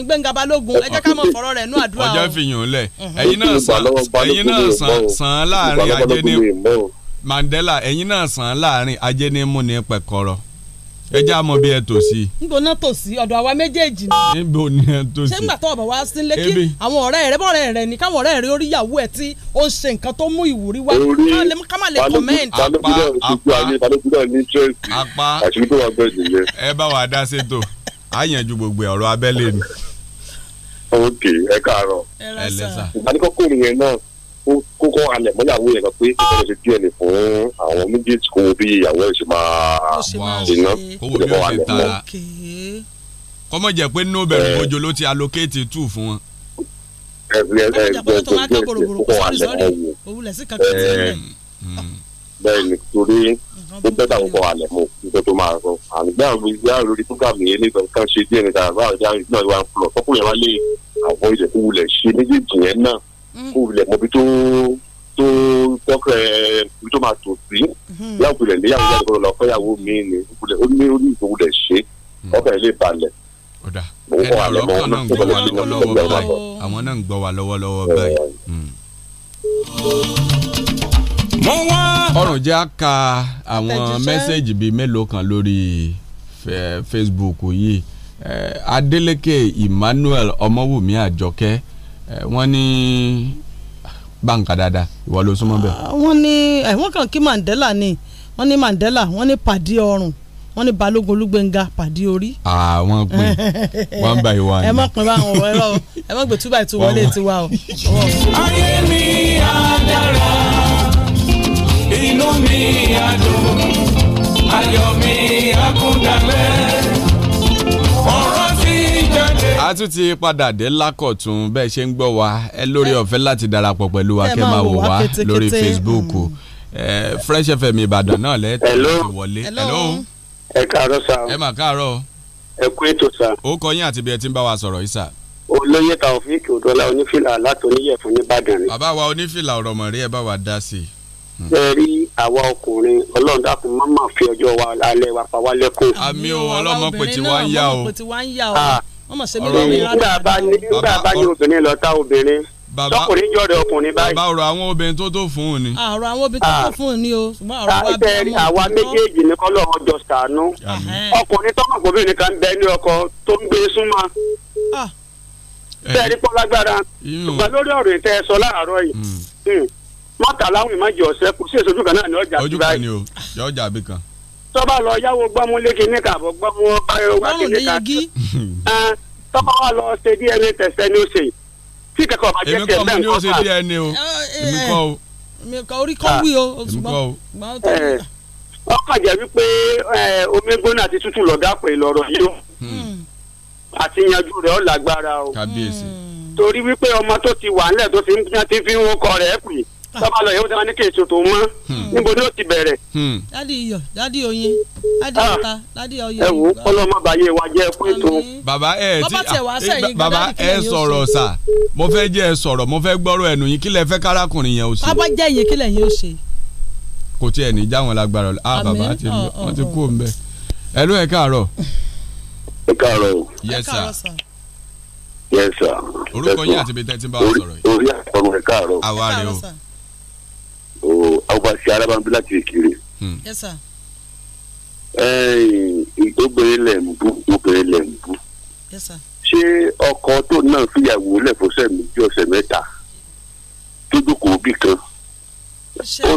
Gbẹ́ngà Balógun ẹ jẹ́ ká mọ̀ fọ̀rọ̀ rẹ̀ nú àdúrà o. ọjọ́ fìyàn lẹ̀ mhm. ẹ̀yin náà sàn ẹ̀yin náà sàn sàn láàrin ajé ní Mandela ẹ̀yin náà sàn láàrin ajé ní múni pẹ̀kọ́rọ̀. ẹ jẹ́ àmọ́ bí ẹ tò sí. n kò ná tò sí ọ̀dọ̀ àwa méjèèjì ni. níbo ni ẹ tò sí. ṣé nígbà tó ọ̀bọ̀ wá sí ilé kí àwọn ọ̀rẹ́ rẹ bọ̀rẹ́ rẹ ni káwọn ọ̀rẹ́ rẹ orí ìyàwó ẹ tí ó ń ṣe nǹkan tó mú ìwúrí wá wa dá ṣètò á yanjú gbogbo ọ̀rọ̀ abẹ́lé ni. ẹ kó kọ́ alẹ̀ mọ́ ìyàwó yẹn kan pé kó lọ ṣe díẹ̀ ni fún àwọn méjèèjì kó wo bí ìyàwó ẹ̀ ṣe máa iná kó lè bọ́ alẹ̀ mọ́. kọ́mọ jẹ́ pé nobel eh. mojo ló ti allocate two fún wọn. ẹ ẹ ẹ gbọ́dọ̀ tó wá kábòrò bòrò sọ́ọ̀rì sọ́ọ̀rì òwúlẹ̀ sí kankan tí ń eh. bẹ́ẹ̀ ni torí mm-hmm. ó bẹ́tà ń bọ̀ alẹ̀ mọ́ nǹkan tó máa rọ àgbà ìyá lórí tó gàmì yẹn nígbà kan ṣe díẹ̀ nígbà báwo ni àwọn ìgbà ìwà ń pọ̀ tọ́kùnrin wa lè àwọn ìdẹ̀kùn wulẹ̀ ṣe méjèèjì yẹn náà kó wulẹ̀ mọ́bi tó tó tọ́kẹ̀ ibi tó máa tò sí mhm. yàwó wulẹ̀ níyàwó yàwó kọ́ lọ fẹ́yàwó mi ni wulẹ̀ ó ní ó ní ìgbò wulẹ̀ ṣe mhm. ọkọ̀ ilé balẹ̀. àwọn náà ń gbọ́ wa lọ́wọ́lọ́wọ́ báyìí. Hmm. mo wá. ọrùn jẹ́ àka àwọn mẹ́sẹ̀gì bíi mélòó kan lórí Facebook yìí Adeleke Emmanuel Ọmọwùmí Àjọkẹ́ Eh, wọ́n ní ah, báǹkà dáadáa ìwọ ló súnmọ́ bẹ́ẹ̀. Ah, wọ́n ní eh, wọ́n kàn kí Mandela ni wọ́n ní Mandela wọ́n ní pàdé ọrùn wọ́n ní balógun olúgbẹ̀ngà pàdé orí. àwọn pin one by one. ẹ mọ̀ pin báwọn ọ̀rọ̀ ẹ̀rọ ẹ mọ̀ gbé two by two wọlé tiwa o. ayé mi á dára inú mi á dùn ayọ̀ mi á kún dalẹ̀ a tún ti padà dé lákọ̀tún bẹ́ẹ̀ ṣe ń gbọ́ wa ẹ lórí ọ̀fẹ́ láti darapọ̀ pẹ̀lú wa kẹ́ máa wò wá lórí Facebook mm. Fresh FM Ìbàdàn náà lẹ́ẹ̀tì wọlé. ẹ káàárọ̀ sá. ẹ mà káàárọ̀. ẹ kú ètò sá. ó kọ yín àti bí ẹ ń bá wa sọ̀rọ̀ yìí sá. olóyè Taofik Odọ́lá onífìlà láti oníyẹ̀fún nìbàdàn ni. bàbá wa onífìlà ọ̀rọ̀ mọ̀rí ẹ bá wa dá sí i hmm. ẹ rí àwa ọkùnrin ọlọ́run dákun má fi ọjọ́ wa alẹ́ wa pa wá lẹ́kọ̀ọ́. àmì o ọlọ́mọ pé tí wá ń yá o wọ́n mọ̀ sẹ́mi lómi rárá. nígbà bá nígbà bá ní obìnrin lọ ta obìnrin tọkùnrin yọ̀dọ̀ ọkùnrin báyìí. bàbá ọ̀rọ̀ àwọn obìnrin tó tó fún un ni. àrò ah, àwọn obìnrin tó tó ah. fún un ni o. àìsẹ̀ ah, àwa méjèèjì ni kọ́ lọ́wọ́ jọ sànú. ọkùnrin tọmọkùnrin kan bẹ ní ọkọ tó ń gbé súnmọ́ bẹ́ẹ̀ni pọlágbára ṣùgbọ́n lórí ọ̀rọ̀ ìtẹ sọ láàárọ̀ yìí hmm. hmm, mọtàláwìn má jẹ kù sí èso tọ́ba lọ yáwó gbọ́múlé kìíní kàbọ̀ gbọ́mú báyọ̀ wá kìíní kà tọ́ba wà lọ ṣe DNA test ẹni ó ṣe tí kẹ̀kọ́ bá jẹ́ kẹ̀ bẹ́ẹ̀ nǹkan fà. èmi kọ́ o èmi kọ́ orí kọ́ wí o ṣùgbọ́n ah, ọkàn eh, jẹ́ wípé omi gbóná àti tútù lọ́dà pé lọ́rọ̀ yìí ó hmm. àti yanjú rẹ̀ ó lágbára o hmm. torí wípé ọmọ tó ti wà nílẹ̀ tó ti ń fi ń wọ́kọ rẹ̀ pè é tọ́ba lọ yẹ̀wò tí wọ́n ní kí èso tó mọ́ hmm. níbo ni ó ti bẹ̀rẹ̀. Hmm. dádì iyọ̀ dádì oyin dádì ata ah. dádì ọyọ. ẹ wo kọlọmọ bàyẹ wa jẹ fún ètò. bàbá ẹ ti bàbá eh, ẹ sọ̀rọ̀ sà mo fẹ́ jẹ́ ẹ sọ̀rọ̀ mo fẹ́ gbọ́rọ̀ ẹnu yín kí lẹ kárakùnrin yẹn ó ṣe. bàbá jẹ́ iye kí lẹ́yìn ó ṣe. kò tiẹ̀ ní já lágbára ọ ah bàbá wọn ti kú òun bẹ́ẹ̀ ẹ ló ẹ káàárọ̀. ẹ káàárọ̀ o. yes sir yes sir. orúkọ yín àti ibi tẹ́ bá wa sọ̀rọ̀ yìí. orí àtọ́nu ẹ̀ káàárọ̀. àwa rè o aw ka se alabandula ti kiri. obìnrin lẹ̀ ń bú obìnrin lẹ̀ ń bú. ṣé ọkọ tó náà fìyàwó lẹ̀ fọ́sẹ̀ méjì ọ̀sẹ̀ mẹ́ta tó dúkòó bì kan.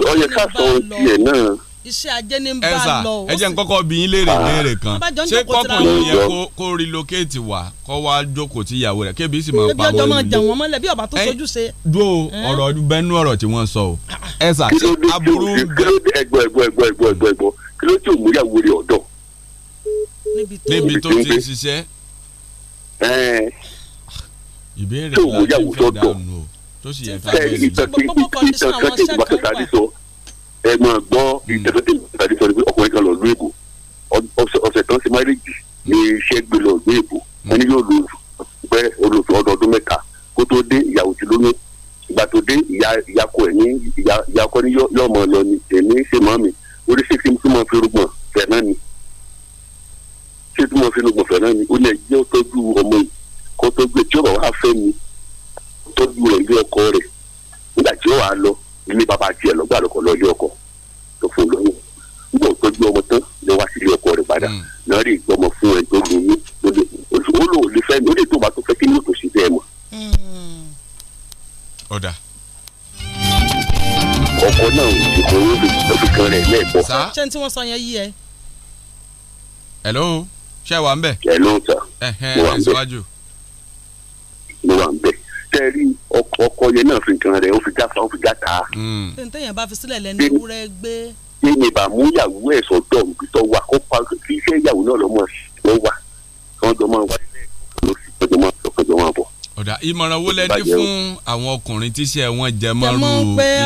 ó yẹ ká sọ ohun tiẹ̀ náà iṣẹ́ ajé ní bá a lọ. ẹ jẹ́ n bí yín léèrè ah, léèrè kan ṣé kọ́kùnrin yẹn kó relocate wá kọ́ wá jókòó tí ìyàwó rẹ̀ kébi sì máa pa wọ́n nílé. ebi máa bí ọba tó sojú ṣe. do ọ̀rọ̀ bẹ́nu ọ̀rọ̀ tí wọ́n sọ o ẹ̀sà tí aburú. ẹgbọ́ ẹgbọ́ ẹgbọ́ ẹgbọ́ ẹgbọ́ ẹgbọ́ kí ló tí ò mú ìyàwó rẹ̀ níbi tó ti ń ṣiṣẹ́. ìbéèrè ẹ máa gbọ́ ìtẹ̀sọ́tẹ̀ ìtàdé sọ pé ọkùnrin kan lọ lú èbò ọ̀sẹ̀ kan ṣe máríjì ní iṣẹ́ gbé lọ lú èbò wọn ni yóò lo pẹ́ olóṣù ọdọọdún mẹ́ta kó tó dé ìyàwó ti lóyún ìgbà tó dé ìyá kọ ẹ̀ ní ìyá kọ ní yọ̀ mọ̀ lọ ni èmi ṣe mọ́ mi oríṣiríṣi tí mo fi rúgbọ̀n fẹ̀ náà ni ṣé tí mo fi rúgbọ̀n fẹ̀ náà ni ó lè jẹ́ tọ́jú ọmọ yìí kó tọ́jú ẹ̀ tí ó bá wá fẹ́ mi tọ́jú rẹ̀ ilé bàbá tiẹ̀ lọ́gbà lọ́kọ̀ lọ́jọ́ ọkọ̀ tó fún lọ́wọ́ nígbà tó gbé ọmọ tán lọ wá sílé ọkọ rẹ̀ padà náà hmm. rí ìgbọ́mọ fún ẹ tó lóyún ó lò ó lè fẹ́ mi ó lè tó bá tó fẹ́ kí ni ó tó ṣe bẹ́ẹ̀ mọ́. Hmm. ọkọ náà ìṣòro òfin kan rẹ̀ lẹ́ẹ̀kọ́. ṣé tí wọ́n sọ yẹn yí ẹ. hello ṣé wà ń bẹ̀. hello sir. ẹ̀hẹ́n ẹ̀ mo wà ń bẹ̀ tẹ́rí ọkọ yẹn náà fi nǹkan rẹ̀ ó fi jáfa ó fi játa. Hmm. tẹ̀yìn bá fi sílẹ̀ lẹ́nu ewúrẹ́ gbé. ṣé ni bàmú ìyàwó ẹ̀ sọ̀dọ̀ níbi tó wà kó pa kí iṣẹ́ ìyàwó náà lọ́mọ ló wà kí wọ́n jọ máa wà sílẹ̀ ló sì kọjọ máa sọ kọjọ máa bọ̀. ọ̀dà ìmọ̀ràn wo lẹ ní fún àwọn ọkùnrin tí iṣẹ́ wọn jẹ mọ́ ru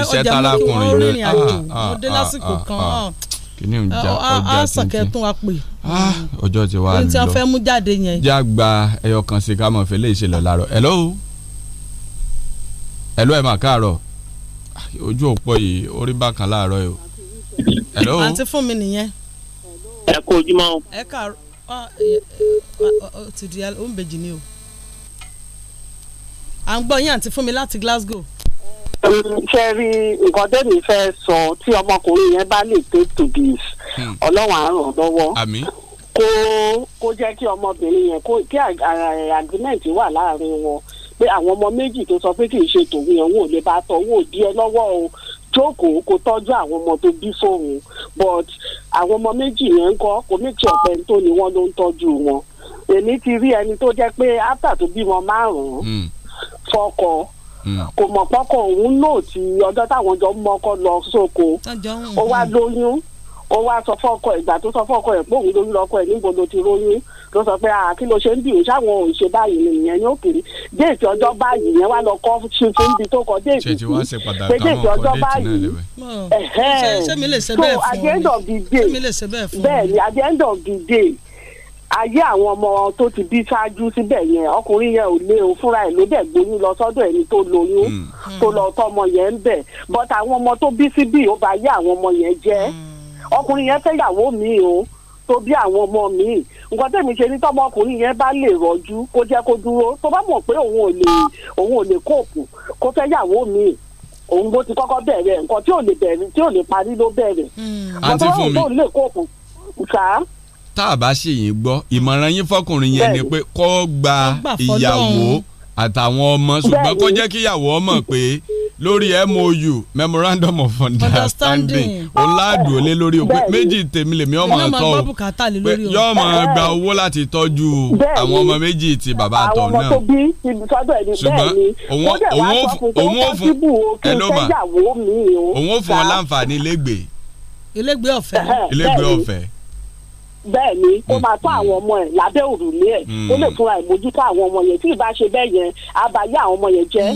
iṣẹ́ tálákùnrin náà. Ah, mo dé ah, lásìkò ah, kan kìíní ń já ọjà tuntun wa pè. ọjọ́ ti wá lọ ohun tí wọ́n fẹ́ mú jáde yẹn. jágba ẹyọkan sí ká mọ̀ fẹ́ lè ṣe lọ láàárọ̀ hello hello ẹ̀ mà káàárọ̀ ojú òpó yìí orí bákan láàárọ̀ yìí o. o àǹtí fún mi nìyẹn. ẹ kú ojúmọ́ o. ẹ káàárọ̀ ọ ti di oúnbejì ni o. à ń gbọ́ yín àǹtí fún mi láti Glasgow. ṣe rí nǹkan tẹ́mi fẹ́ sọ tí ọmọkùnrin yẹn bá lè pay to this hmm. ọlọ́run á ràn lọ́wọ́. àmín kó kó jẹ́ kí ọmọbìnrin yẹn kó kí agreement wà láàrin wọn pé àwọn ọmọ méjì tó sọ pé kì í ṣe tòun yẹn wò lè bá tọ owó òdí ẹ lọ́wọ́ o jókòó kó tọ́jú àwọn ọmọ tó bí fóun but àwọn ọmọ méjì yẹn ń kọ́ kò méjì ọ̀pẹ tó ni wọ́n ló ń tọ́jú wọn èmi ti rí ẹni tó jẹ́ pé after tó bímọ márùn-ún hmm. fọkọ hmm. kò mọ̀ pọ́kọ̀ òun náà ti ọjọ́ táwọn jọ mọ ọkọ lọ sóko ó wá lóyún ó wá sọ fọ́kọ ìgbà tó sọ fọ́kọ ẹ̀ pé òun lóyún lọ́kọ ẹ̀ níbo ló ti lóyún kó sọ pé ah, kí ló ṣe ń bì í sáwọn ò ṣe báyìí ni ìyẹn ní òkèèrè déètì ọjọ́ báyìí ìyẹn wá lọ kọ́ ṣe níbi tó kọ déètì sí pé déètì ọjọ́ báyìí so at the end of the day bẹ́ẹ̀ ni at the end of the day ayé àwọn ọmọ tó ti bí ṣáájú síbẹ̀ yẹn ọkùnrin yẹn ò lé o fúnra ẹ̀ ló dẹ̀ gbóyún lọ sọ́dọ̀ ẹni tó lóyún hmm. tó lọ tọmọ yẹn ń bẹ̀ bọ́tà àwọn ọmọ tó bí síbí ó bà ayé àwọn ọmọ yẹn jẹ́ hmm. ọkùnrin yẹn fẹ́yàwó mi o. Mm tó bí àwọn ọmọ míì nǹkan tẹ̀mí ṣe ní tọmọkùnrin yẹn bá lè rọjú kó jẹ́ kó dúró tó bá mọ̀ pé òun ò lè òun ò lè kóòpù kó fẹ́ yàwó míì òun bó ti kọ́kọ́ bẹ̀rẹ̀ nǹkan tí ò lè bẹ̀rẹ̀ tí ò lè parí ló bẹ̀rẹ̀. Hmm. àǹtí fún mi tá a bá ṣe yín gbọ́ ìmọ̀ràn yín fọkùnrin yẹn ni pé kó gba ìyàwó àtàwọn ọmọ ṣùgbọ́n kó jẹ́ kíyàwó ọmọ pé lórí mou memorandum of understanding ọ̀làdùnlé lórí òpin méjì tèmi lèmi ọmọ àtọ́ o yóò máa gba owó láti tọ́jú àwọn ọmọ méjì ti bàbá àtọ̀ náà ṣùgbọ́n òun ò fún ẹ ló mà òun ò fún ọ láǹfààní ilégbèé. ilégbèé ọ̀fẹ́. ilégbèé ọ̀fẹ́ bẹ́ẹ̀ ni ó mm, máa tọ́ mm. àwọn ọmọ ẹ̀ lábẹ́ òrùlé ẹ̀ ó lè mm. fúnra ẹ̀ mójútó àwọn ọmọ yẹn tí ì bá ṣe bẹ́ẹ̀ yẹn àbáyé àwọn ọmọ yẹn jẹ́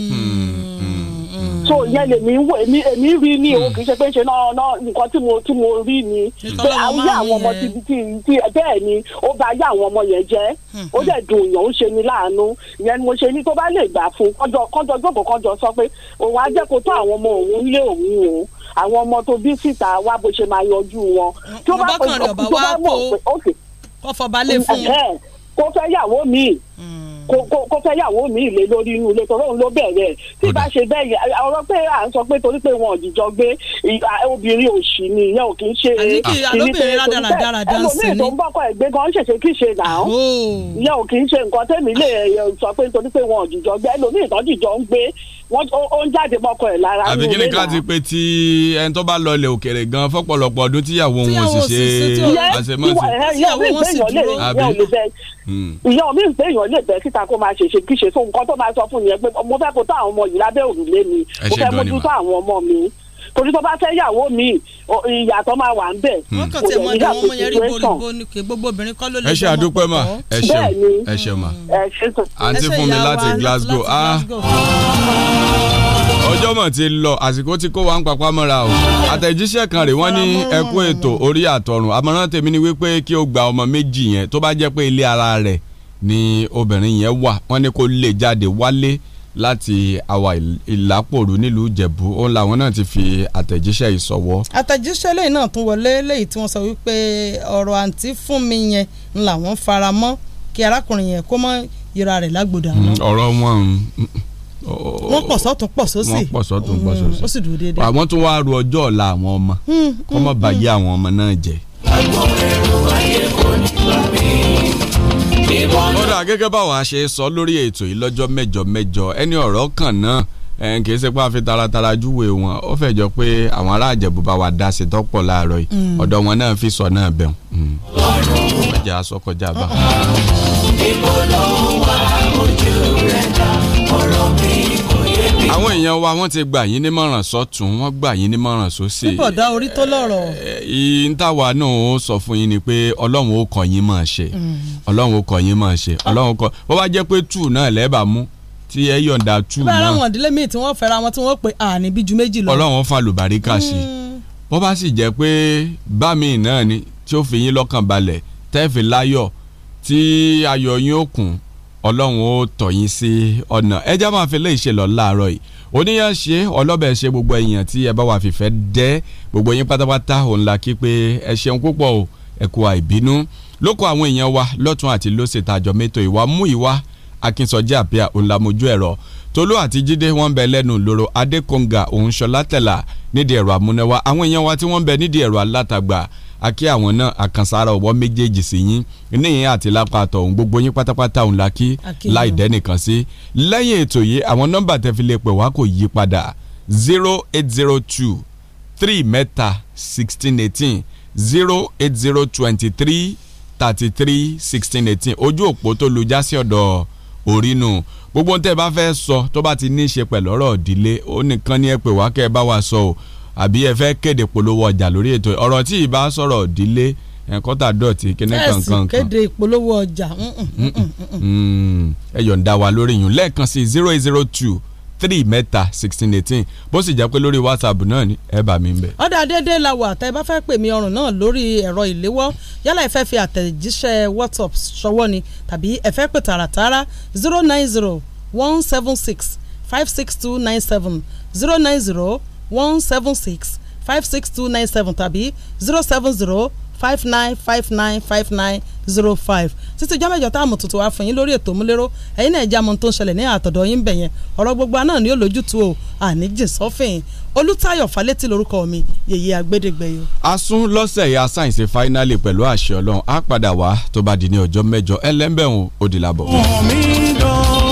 so ìyẹn lèmi wò èmi èmi rí ní o kì í ṣe pé ń ṣe náà náà nǹkan tí mo tí mo rí ni pé ayé àwọn ọmọ ti ti ti bẹ́ẹ̀ ni ó bà ayé àwọn ọmọ yẹn jẹ́ ó dẹ̀ dùn yàn ó ṣe ni láàánú ìyẹn mo ṣe ní tó bá lè gbà fún kọjọ kọjọ jókòó kọjọ sọ pé òun oh, á jẹ́ kó tó àwọn ọmọ òun lé òun o àwọn ọmọ tó bí síta wá bó ṣe máa yọjú wọn tó bá mọ̀ pé ó kè kó fẹ́ yàwó mi. Hmm kó fẹ́ yàwó mi ìlé lórí inú ilé tọ́rọ́ òun ló bẹ̀rẹ̀ tí bá ṣe bẹ́ẹ̀ yẹn ọ̀rọ̀ pé à ń sọ pé torí pé wọn ò jíjọ gbé obìnrin òṣì ni ìyẹn ò kì í ṣe kìíní pé ẹlòmíì tó ń bọ́kọ̀ ẹ̀gbẹ́ gan ṣèṣe kí ṣe nà án ìyẹn ò kì í ṣe nǹkan tẹ́mi lè eh, sọ pé torí pé wọn ò jíjọ gbé ẹlòmíì tó jíjọ ń gbé ó ń jáde mọ́kọ ẹ̀ lára. àbí kí ni ká ti pe ti ẹni tó bá lọlẹ̀ òkèrè gan fọ́pọ̀lọpọ̀ ọdún tíyàwó òun sì ṣe àṣemọ́sí. ìyàwó hmm. mi ń pè èèyàn lè bẹ́ẹ̀ síta kó máa ṣèṣe kí ṣe fún nǹkan tó máa sọ fún yẹn pé mo fẹ́ kó tó àwọn ọmọ yìí lábẹ́ òrùlé mi mo fẹ́ mójútó àwọn ọmọ mi torí tó bá fẹ́ yàwó mi ìyàtọ̀ máa wà ń bẹ̀. Hmm. wọ́n kàn tẹ̀ mọ́ ni àwọn ọmọ àǹtí fún mi láti Glasgow. Ah ọjọ́ mọ̀ ti lọ àsìkò tí kó wa ń papá mọ́ra o àtẹ̀jíṣẹ́ kan rẹ̀ wọ́n ní ẹkún ètò orí àtọ̀run àmọ̀ràn tèmi ni wípé kí o gba ọmọ méjì yẹn tó bá jẹ́ pé ilé ara rẹ̀ ni obìnrin yẹn wà wọ́n ní kó lè jáde wálé láti àwa ìlàpòrú nílùú ìjẹ̀bú òun làwọn náà ti fi àtẹ̀jíṣẹ́ yìí àtẹ̀jíṣẹ́ lẹ́yìn náà tún wọlé léyìí tí wọ́n sọ wípé ọ̀rọ̀ àǹtí fún mi yẹn ń làwọn fara mọ́ kí arákùnrin yẹn kó mọ́ ìra rẹ̀ lágbòdà. Mm, ọ̀rọ̀ wọn mm, mm, wọ́n pọ̀ sọ́tún pọ̀ sósì wọ́n pọ̀ sọ́tún pọ̀ sósì ó sì dúró déédéé. àwọn tún wáá ru ọjọ́ ọ̀la àwọn ọmọ kọ́ mọ́ bàyé àwọn ọmọ náà jẹ́. kódà gẹ́gẹ́ báwa ṣe sọ lórí ètò yìí lọ́jọ́ mẹ́jọ mẹ́jọ ẹni ọ̀rọ̀ kan náà kì í ṣe pé a fi taratara júwe wọn ó fẹ́ jọ pé àwọn ará àjẹ̀bù bá wa dá sí tọ́pọ̀ láàárọ̀ yìí hmm. ọ̀dọ̀ wọn náà fi sọ náà bẹ̀rù. Hmm. ọjà aṣọ kọjá bá. ibo ló wà ojú àwọn èèyàn wa wọ́n ti gbà yín nímọ̀ràn sọ́tún wọ́n gbà yín nímọ̀ràn sósì. pípọ̀dá orí tó lọ́rọ̀. ìyín eh, táwa náà ó sọ fún yín ni pé ọlọ́run ó kọ́ mm. yín máa ṣe ọlọ́run ó kọ́ yín máa ṣe ọlọ́run kọ́ bó bá jẹ́ pé tù náà lẹ́ẹ̀bà mú tí ẹ yọ̀ǹda tù náà. bára wọn ìdílé míì tí wọ́n fẹ́ra wọn tí wọ́n pe àní bíi méjì lọ. ọlọ́run fa lùbáríkà mm. sí bó mi náà ni tí ó fi yín lọ́kàn balẹ̀ tẹ́ẹ̀ ọlọ́run ó tọ̀ yín sí ọ̀nà ẹja máa fi lé ìṣẹ̀lọ̀ láàárọ̀ yìí oníyàn ṣe ọlọ́bẹ̀ ṣe gbogbo èèyàn tí ẹ bá wà fìfẹ́ dẹ́ gbogbo yín pátápátá òun la kí pé ẹ ṣeun púpọ̀ o ẹ kú àìbínú lóko àwọn èèyàn wa lọ́tún àti lóṣè tàjọ mẹ́tò ìwà mú ìwà akínsọjí àbíà òun la mojú ẹ̀rọ tolú àti jíde wọ́n bẹ lẹ́nu lóró adékọǹgà òun ṣọlá nídìí ẹ̀rọ amúnẹwà àwọn èèyàn wa tí wọ́n bẹ nídìí ẹ̀rọ alátagbà akí àwọn náà àkànsára ọ̀wọ́ méjèèjì sí yín níyìn àti lápàtọ̀ òun gbogbo yín pátápátá òun la kí láì dẹ́nìkan sí lẹ́yìn ètò yìí àwọn nọ́mbà tẹ́ fi lè pè wá kò yí padà zero eight zero two three mẹ́ta sixteen eighteen zero eight zero twenty three thirty three sixteen eighteen ojú òpó tó lu jásí ọ̀dọ̀ orinu gbogbo ohun tẹ́ ẹ bá fẹ́ sọ tó bá ti ní í ṣe pẹ̀lú ọ̀rọ̀ ìdílé ó nìkan ni ẹ pè wá kẹ́ ẹ bá wa sọ o àbí ẹ fẹ́ kéde polówó ọjà lórí ètò ọ̀rọ̀ tí ì bá sọ̀rọ̀ òdílé kọ́tà dọ̀tí kíní kankan kan. kéde ìpolówó ọjà. Mm, mm, mm, ẹ yọ̀ǹda wa lórí yìí lẹ́ẹ̀kan sí zero eight zero two three mẹ́ta sixteen eighteen bó sì jẹ́ pé lórí whatsapp náà ni ẹ bá mi ń bẹ̀. ọ̀dà déédéé la wà tẹ́ ẹ bá fẹ́ pè mí ọrùn náà lórí ẹ̀rọ ìléwọ́ yálà ẹ fẹ́ fi àtẹ̀jíṣẹ́ whatsapp ṣọwọ́ ni tàbí ẹ fẹ́ pè tààràtààrà zero nine zero one seven six five six two nine seven zero nine zero one seven six five six two nine seven tàbí zero seven zero five nine five nine five nine zero five títí ọjọ́ mẹ́jọ táàmù tuntun wá fún yín lórí ètò múlẹ́rọ́ ẹ̀yin náà ẹ̀já mọ̀ tó ń ṣẹlẹ̀ ní àtọ̀dọ̀ yín bẹ̀ yẹn ọ̀rọ̀ gbogbo náà ni ó lójútu o àní jìn sọ́fìn olùtayọ̀ falẹ́tì lórúkọ mi yèyé agbẹ́dẹ́gbẹ́yọ. a sún lọ́sẹ̀ yìí a sáyẹ̀nsì fáínálì pẹ̀lú àṣẹ ọlọ́run á padà wá tó bá di ní ọjọ́ mẹ́jọ ẹlẹ́mbẹ̀rún òdìlábọ̀. ọ̀mí dán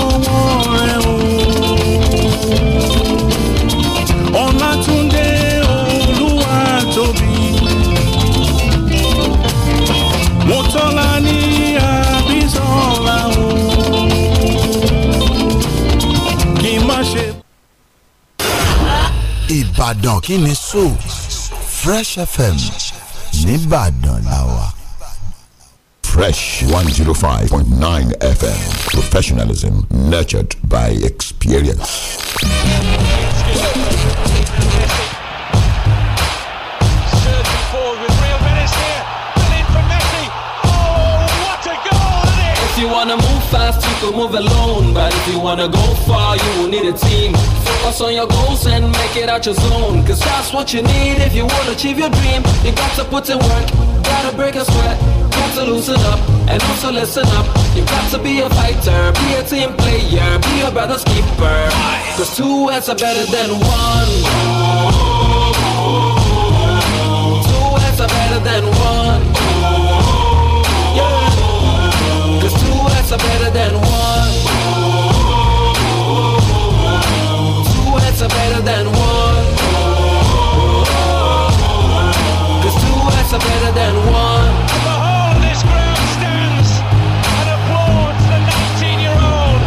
Ìbàdàn kí ni so Fresh FM nìbàdàn la wà. Fresh 105.9 FM. Professionalism nurtured by experience. to move alone. But if you wanna go far, you will need a team. Focus on your goals and make it out your zone. Cause that's what you need if you wanna achieve your dream. You got to put in work, gotta break a sweat, got to loosen up, and also listen up. You got to be a fighter, be a team player, be a brother's keeper. Cause two heads are better than one. Two heads are better than one. are better than one. Two heads are better than one. Cause two heads are better than one. The whole this stands and applauds the 19 year old.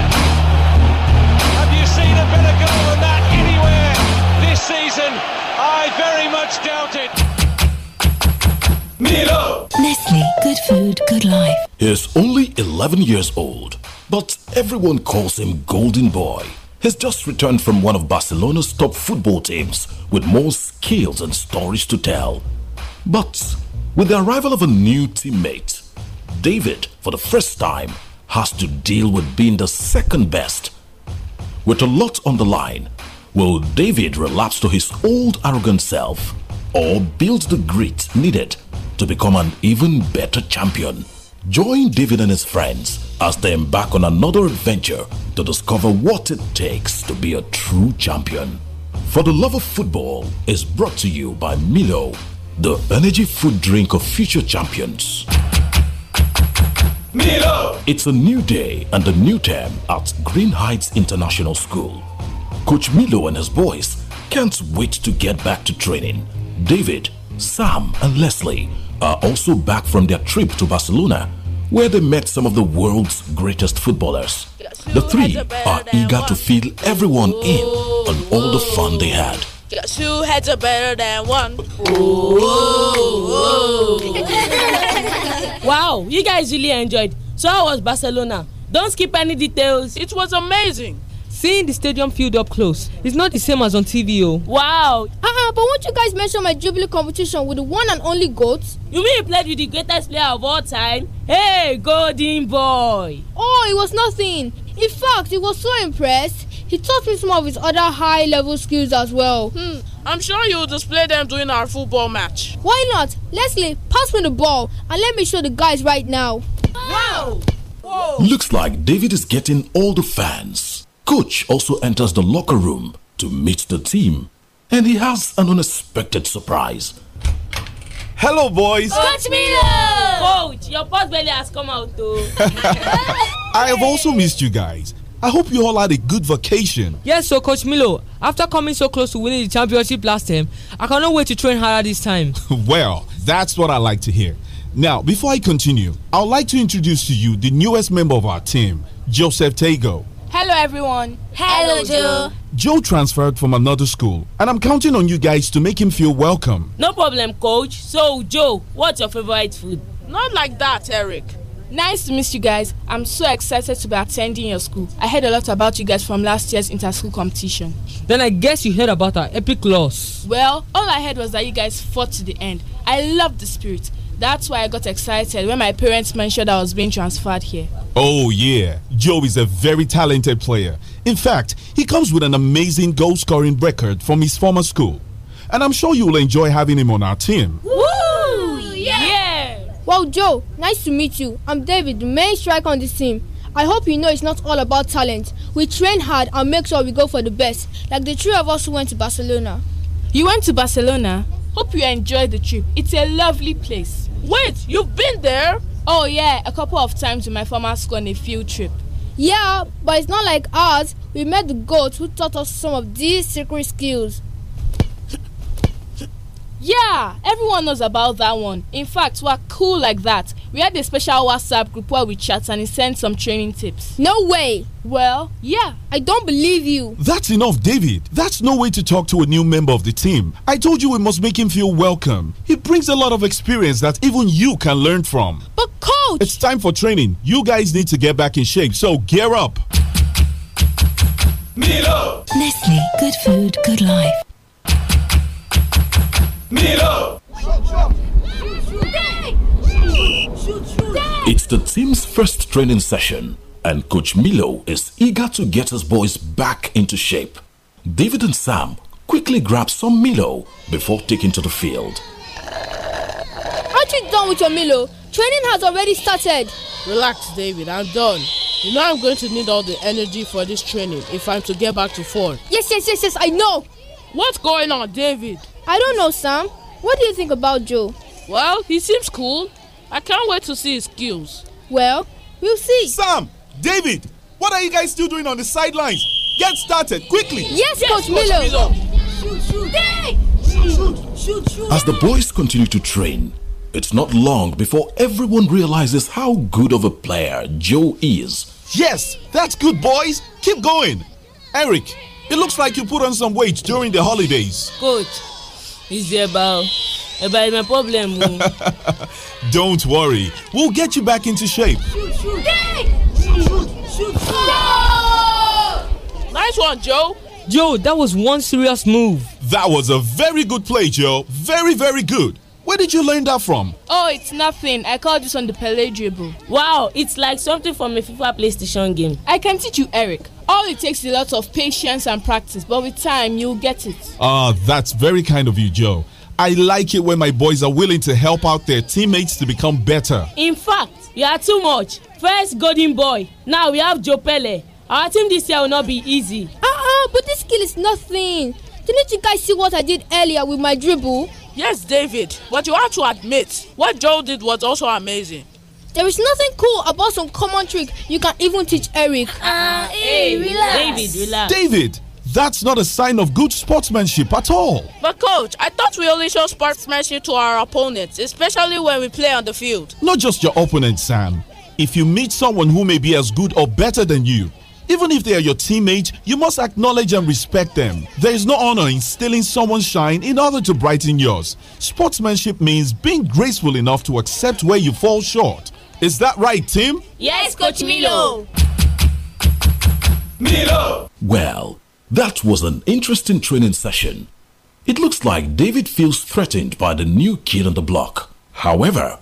Have you seen a better goal than that anywhere this season? I very much doubt it. Nestle, good food, good life. He's only 11 years old, but everyone calls him Golden Boy. He's just returned from one of Barcelona's top football teams with more skills and stories to tell. But with the arrival of a new teammate, David, for the first time, has to deal with being the second best. With a lot on the line, will David relapse to his old arrogant self or build the grit needed to become an even better champion? Join David and his friends as they embark on another adventure to discover what it takes to be a true champion. For the Love of Football is brought to you by Milo, the energy food drink of future champions. Milo! It's a new day and a new term at Green Heights International School. Coach Milo and his boys can't wait to get back to training. David, Sam, and Leslie are also back from their trip to Barcelona where they met some of the world's greatest footballers. The three are eager to fill everyone in on all the fun they had. Two heads are better than one. wow, you guys really enjoyed. So how was Barcelona? Don't skip any details. It was amazing. Seeing the stadium filled up close is not the same as on TV, oh. Wow. Uh-uh, but won't you guys mention my Jubilee competition with the one and only GOAT? You mean he played with the greatest player of all time? Hey, Golden Boy. Oh, it was nothing. In fact, he was so impressed, he taught me some of his other high level skills as well. Hmm. I'm sure you'll display them during our football match. Why not? Leslie, pass me the ball and let me show the guys right now. Wow! Whoa. Looks like David is getting all the fans. Coach also enters the locker room to meet the team and he has an unexpected surprise. Hello, boys. Coach Milo! Coach, your pot belly has come out, though. I have also missed you guys. I hope you all had a good vacation. Yes, so Coach Milo, after coming so close to winning the championship last time, I cannot wait to train harder this time. well, that's what I like to hear. Now, before I continue, I would like to introduce to you the newest member of our team, Joseph Tago. Hello, everyone. Hello, Joe. Joe transferred from another school, and I'm counting on you guys to make him feel welcome. No problem, coach. So, Joe, what's your favorite food? Not like that, Eric. Nice to meet you guys. I'm so excited to be attending your school. I heard a lot about you guys from last year's inter-school competition. Then I guess you heard about our epic loss. Well, all I heard was that you guys fought to the end. I love the spirit. That's why I got excited when my parents mentioned I was being transferred here. Oh, yeah. Joe is a very talented player. In fact, he comes with an amazing goal scoring record from his former school. And I'm sure you'll enjoy having him on our team. Woo! Yeah! yeah. Well, Joe, nice to meet you. I'm David, the main striker on this team. I hope you know it's not all about talent. We train hard and make sure we go for the best, like the three of us who went to Barcelona. You went to Barcelona? Hope you enjoyed the trip. It's a lovely place. Wait, you've been there? Oh, yeah, a couple of times with my former school on a field trip. Yeah, but it's not like ours. We met the goat who taught us some of these secret skills. Yeah, everyone knows about that one. In fact, we're cool like that. We had a special WhatsApp group where we chat and he sent some training tips. No way! Well, yeah. I don't believe you. That's enough, David. That's no way to talk to a new member of the team. I told you we must make him feel welcome. He brings a lot of experience that even you can learn from. But, coach! It's time for training. You guys need to get back in shape, so gear up. Milo! Nestle, good food, good life. Milo! Shut, It's the team's first training session, and Coach Milo is eager to get his boys back into shape. David and Sam quickly grab some Milo before taking to the field. Aren't you done with your Milo? Training has already started. Relax, David. I'm done. You know I'm going to need all the energy for this training if I'm to get back to form. Yes, yes, yes, yes, I know. What's going on, David? I don't know, Sam. What do you think about Joe? Well, he seems cool. I can't wait to see his skills. Well, we'll see. Sam, David, what are you guys still doing on the sidelines? Get started quickly. Yes, yes Coach Milo. Shoot, shoot. Hey! Shoot, shoot, shoot. As the boys continue to train, it's not long before everyone realizes how good of a player Joe is. Yes, that's good, boys. Keep going. Eric, it looks like you put on some weight during the holidays. Coach, there about about my problem. Oh. Don't worry, we'll get you back into shape. Shoot, shoot. Shoot, shoot, shoot. Nice one, Joe. Joe, that was one serious move. That was a very good play, Joe. Very, very good. Where did you learn that from? Oh, it's nothing. I call this on the Pelé Wow, it's like something from a FIFA PlayStation game. I can teach you, Eric. All it takes is a lot of patience and practice, but with time, you'll get it. Ah, that's very kind of you, Joe. I like it when my boys are willing to help out their teammates to become better. In fact, you are too much. First Golden Boy, now we have Joe Pele. Our team this year will not be easy. Uh-uh, but this skill is nothing. Didn't you guys see what I did earlier with my dribble? Yes, David, but you have to admit, what Joe did was also amazing. There is nothing cool about some common trick you can even teach Eric. Ah, uh, hey, relax. David, relax. David, that's not a sign of good sportsmanship at all. But, coach, I thought we only show sportsmanship to our opponents, especially when we play on the field. Not just your opponent, Sam. If you meet someone who may be as good or better than you, even if they are your teammate, you must acknowledge and respect them. There is no honor in stealing someone's shine in order to brighten yours. Sportsmanship means being graceful enough to accept where you fall short. Is that right, Tim? Yes, Coach Milo. Milo! Well, that was an interesting training session. It looks like David feels threatened by the new kid on the block. However,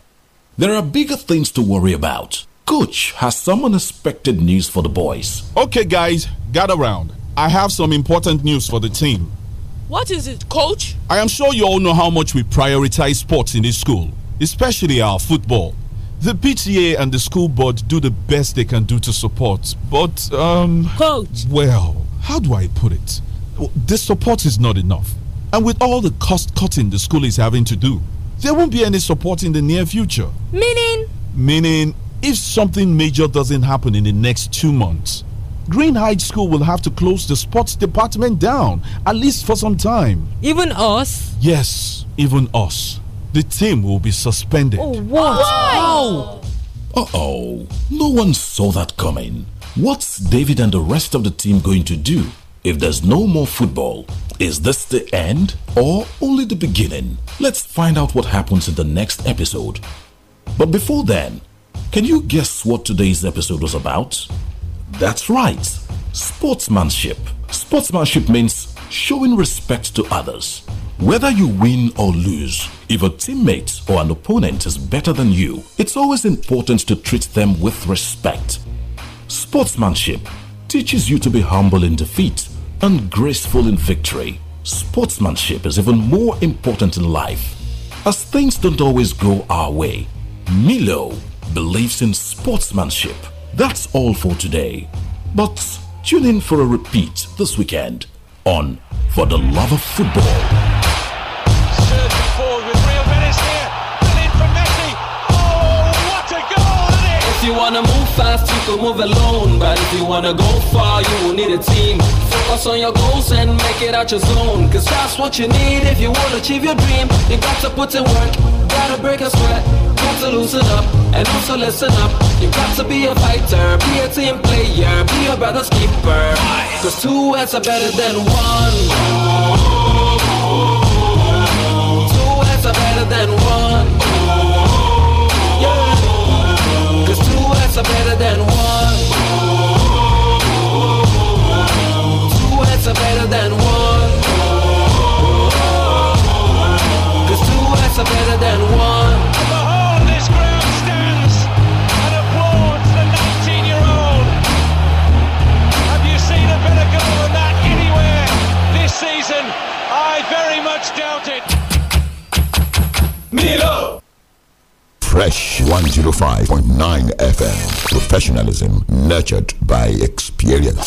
there are bigger things to worry about. Coach has some unexpected news for the boys. Okay, guys, gather round. I have some important news for the team. What is it, coach? I am sure you all know how much we prioritize sports in this school, especially our football. The PTA and the school board do the best they can do to support, but, um. Coach! Well how do I put it? The support is not enough. And with all the cost cutting the school is having to do, there won't be any support in the near future. Meaning? Meaning, if something major doesn't happen in the next two months, Green Heights School will have to close the sports department down, at least for some time. Even us? Yes, even us. The team will be suspended. Oh, what? Why? Uh oh. No one saw that coming. What's David and the rest of the team going to do if there's no more football? Is this the end or only the beginning? Let's find out what happens in the next episode. But before then, can you guess what today's episode was about? That's right, sportsmanship. Sportsmanship means showing respect to others. Whether you win or lose, if a teammate or an opponent is better than you, it's always important to treat them with respect Sportsmanship teaches you to be humble in defeat and graceful in victory. Sportsmanship is even more important in life as things don't always go our way. Milo believes in sportsmanship. That's all for today. But tune in for a repeat this weekend on For the Love of Football. you wanna move fast, you can move alone. But if you wanna go far, you will need a team. Focus on your goals and make it out your zone. Cause that's what you need if you wanna achieve your dream. You got to put in work, gotta break a sweat. Got to loosen up and also listen up. You got to be a fighter, be a team player, be a brother's keeper. Cause two heads are better than one. Two heads are better than one. hearts are better than one. Two heads are better than one. Cause two heads are better than one. The whole this stands and applauds the 19 year old. Have you seen a better goal than that anywhere this season? I very much doubt it. Milo! Fresh 105.9 FM. Professionalism nurtured by experience.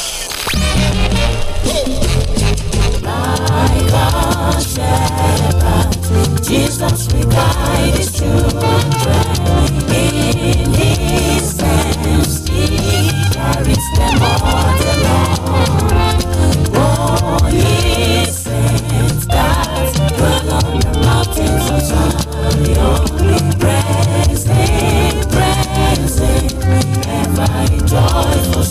Like a shepherd, Jesus will guide his children. In his hands, he carries them all along.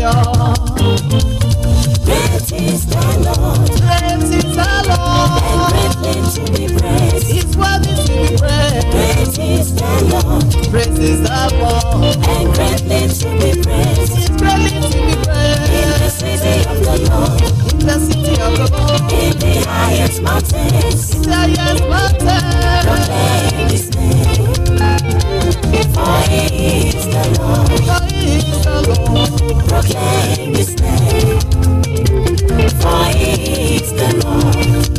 Savior. is the Lord. is the Lord. And to be praised. to be praised. is the Lord. is the Lord. And to be praised. to be praised. In the city of the Lord. In the city of the Lord. In the highest In the highest is the Lord. is the Lord. proclaim His name, for He is the Lord.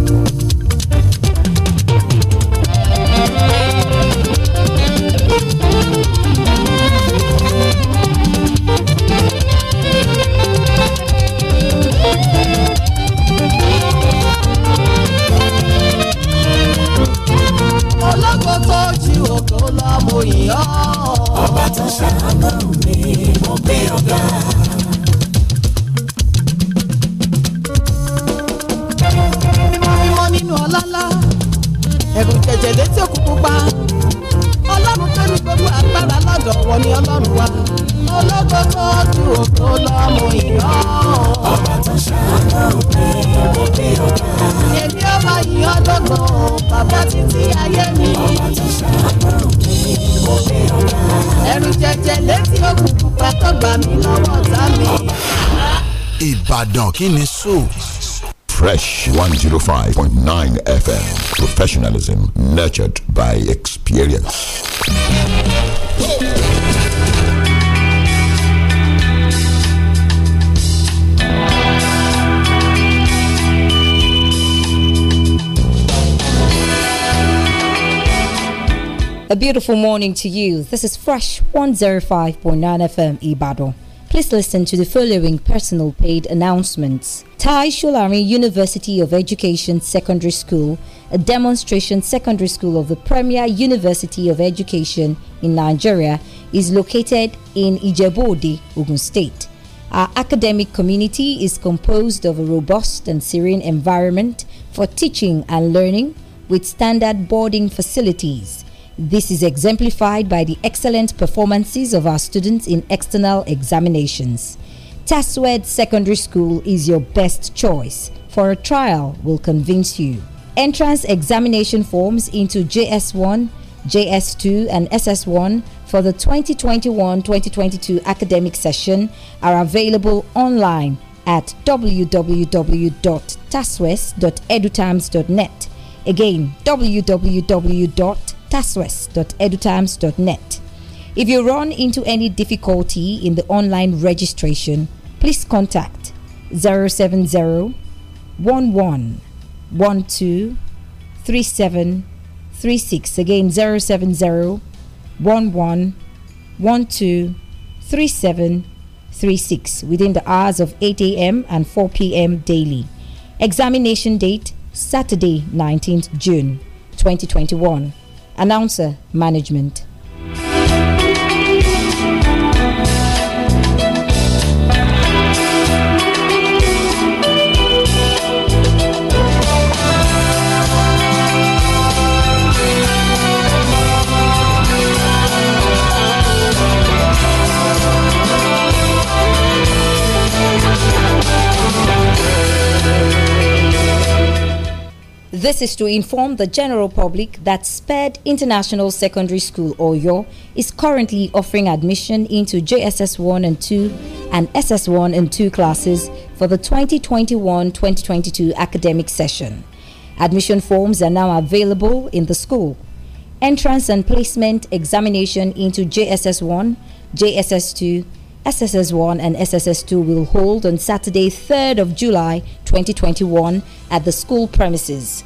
ọlọ́gbọ́n tó ju òkè ọba tó ṣàánú mi mo gbé ọgá. ẹ̀rù jẹ̀jẹ̀ létí òkú pupa ọlọ́run tó ní gbogbo agbára lọ́dọ̀ wọ ni ọlọ́run wa ológogo tí o tó lọ́mọ ọba tó ṣàánú mi mo bí ọba. èmi ọba yìí ọdọ́gbọ̀n bàbá títí ayé mi. ọba tó ṣàánú mi mo bí ọba. ẹ̀rù jẹ̀jẹ̀ létí òkú pupa tó gbà mí lọ́wọ́ ọ̀tá mi. Ìbàdàn kí ni sóò Fresh 105.9 FM. Professionalism nurtured by experience. A beautiful morning to you. This is Fresh 105.9 FM Ibado. Please listen to the following personal paid announcements. Tai Shulari University of Education Secondary School, a demonstration secondary school of the premier University of Education in Nigeria, is located in Ijebu-Ode, Ogun State. Our academic community is composed of a robust and serene environment for teaching and learning with standard boarding facilities. This is exemplified by the excellent performances of our students in external examinations. Taswed Secondary School is your best choice for a trial will convince you. Entrance examination forms into JS1, JS2 and SS1 for the 2021-2022 academic session are available online at www.taswes.edutimes.net. Again, www taswest.edutimes.net. If you run into any difficulty in the online registration, please contact 070 36. Again, 070 36 within the hours of 8 a.m. and 4 p.m. daily. Examination date Saturday, 19th June 2021. Announcer Management This is to inform the general public that SPED International Secondary School, Oyo, is currently offering admission into JSS 1 and 2 and SS 1 and 2 classes for the 2021 2022 academic session. Admission forms are now available in the school. Entrance and placement examination into JSS 1, JSS 2, SSS 1 and SSS 2 will hold on Saturday, 3rd of July 2021 at the school premises.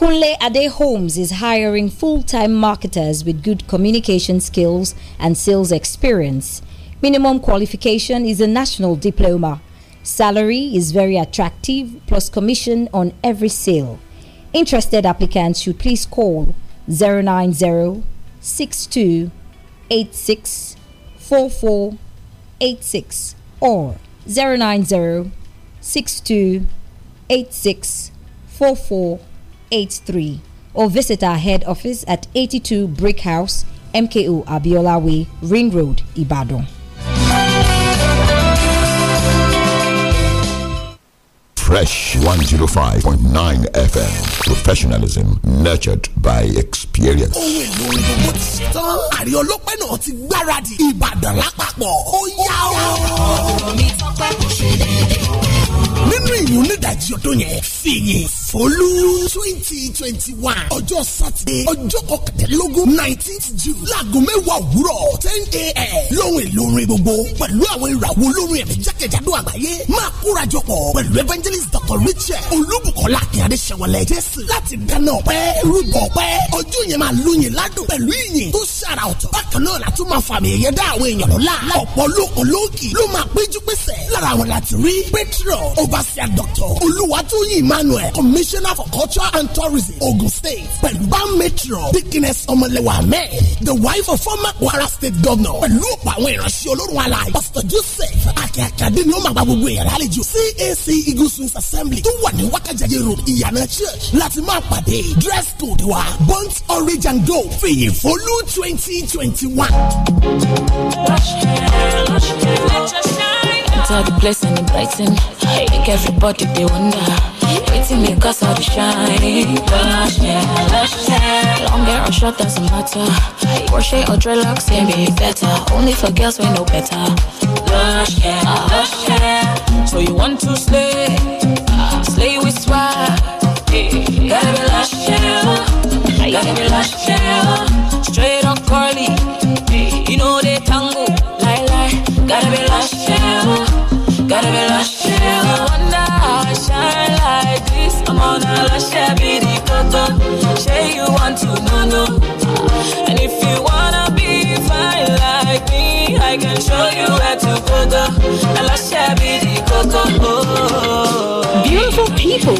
Kunle Ade Homes is hiring full time marketers with good communication skills and sales experience. Minimum qualification is a national diploma. Salary is very attractive, plus commission on every sale. Interested applicants should please call 090 86 or 090 62 86 183 or visit our head office at 82 Brick House, MKO Abiola Way, Ring Road, Ibadan. Fresh 105.9 FM. Professionalism nurtured by experience. Ohun èlò òyìnbó mo ti tán. Àrí ọlọ́pẹ́ náà ti gbáradì. Ìbàdàn lápapọ̀. Ó yá o. ya o Nínú onídàájí ọdún yẹn, fólú twenty twenty one ọjọ́ sátidé ọjọ́ kọkàndínlógún nineteenth june láago mẹ́wàá òwúrọ̀ ten a.m. lóhùn èlò orin gbogbo pẹ̀lú àwọn ìràwọ̀ olórin ẹ̀mí jákèjádò àgbáyé máa kórajọ pọ̀ pẹ̀lú evangelist dr richard olúbùkọ́lá akínyàdé sẹ̀wọ̀lẹ̀ jésù láti dáná ọpẹ́ rúbọ ọpẹ́ ọjọ́ yẹn máa lóyin ládùn pẹ̀lú ìyìn tó ṣàrà ọ̀tọ̀ bákan náà látún máa fàmì ẹ̀yẹ dá àwọn èèyàn lọ́lá ọ̀pọ̀ lóko lóòkì ló máa péjú pésẹ̀ lára àwọn láti rí pétrọ̀ overseer doctor olúwatóyìn emmanuel commission commissioner for culture and tourism Ogun state pẹ̀lú bá metro dikines ọmọlẹ́wà ahmed the wife of former kwara state governor pẹ̀lú ọ̀pọ̀ àwọn ìránṣẹ́ olórun alaye pastor joseph akíakíade ni ó máa gba gbogbo ìyàrá àlejò cac eagle swings assembly tó wà ní wákàjáde road ìyànà church láti máa pàdé dress code wa burnt orange and gold fìyìn fólú twenty twenty one. It's all the blessing and brighten. Make everybody they wonder. Waiting me cause all the shine Lush hair, lush hair Long hair or short doesn't matter Crochet or dreadlocks can be better Only for girls we know better Lush hair, lush hair So you want to slay ah, Slay with swag Gotta be lush hair Gotta be lush hair Straight or curly You know they tango Lie, lie Gotta be lush hair Gotta be lush hair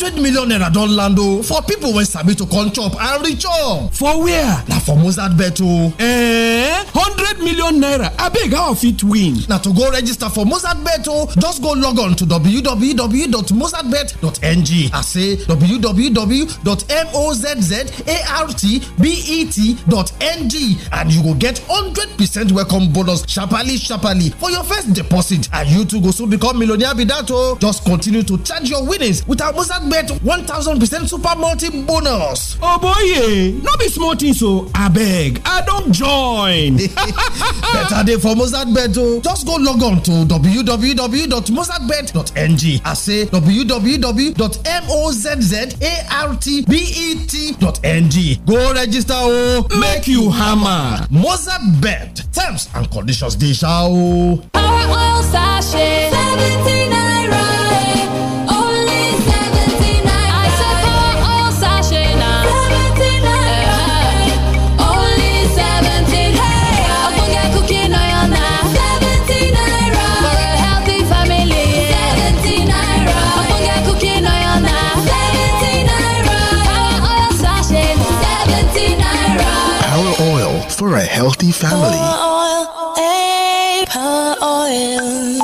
hundred million naira don land o for people wey sabi to come chop and reach up. for where? na for mozart beto o. Eh, hundred million naira abeg how i fit win? na to go register for mozart beto just go log on to www.mozartbet.ng as say www.mozzartbet.ng and you go get hundred percent welcome bonus sharparly sharparly for your first deposit and you too go soon become millionaire be that o. just continue to charge your winnings with our mozart bet one thousand percent super multi bonus. oh boy no be small things o oh. abeg i don join. better day for mozart bet o oh. just go log on to www.mozartbet.ng I say www.mozzartbet.ng go register o oh. make you hammer mozart bet terms and conditions dey sha our own sashe seventeen. healthy family. Oil, oil,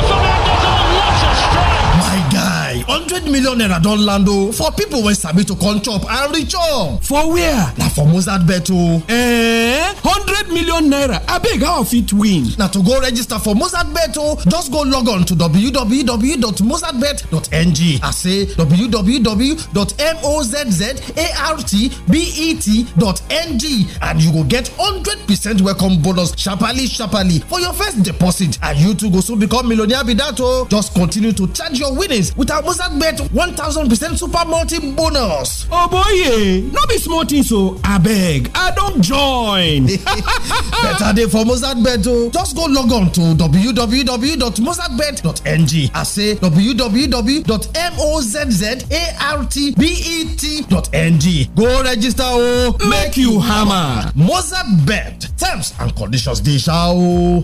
hundred million naira don land o for people wey sabi to come chop and reach up. for where? na for mozart beto o. Eh, hundred million naira abeg how i fit win? na to go register for mozart beto just go log on to www.mozartbet.ng as say www.mozzartbet.ng and you go get hundred percent welcome bonus sharparly sharparly for your first deposit and you too go soon become millionaire be that o. just continue to charge your winnings without. Mozart bet 1000% super multi bonus. Oh boy, no be small things o, abeg, I don join. Better day for Mozart bet o. Oh. Just go log on to www.mozartbet.ng I say www.mozzartbet.ng. Go register o, oh. make you hammer. Mozart bet. Terms and conditions dey sha o.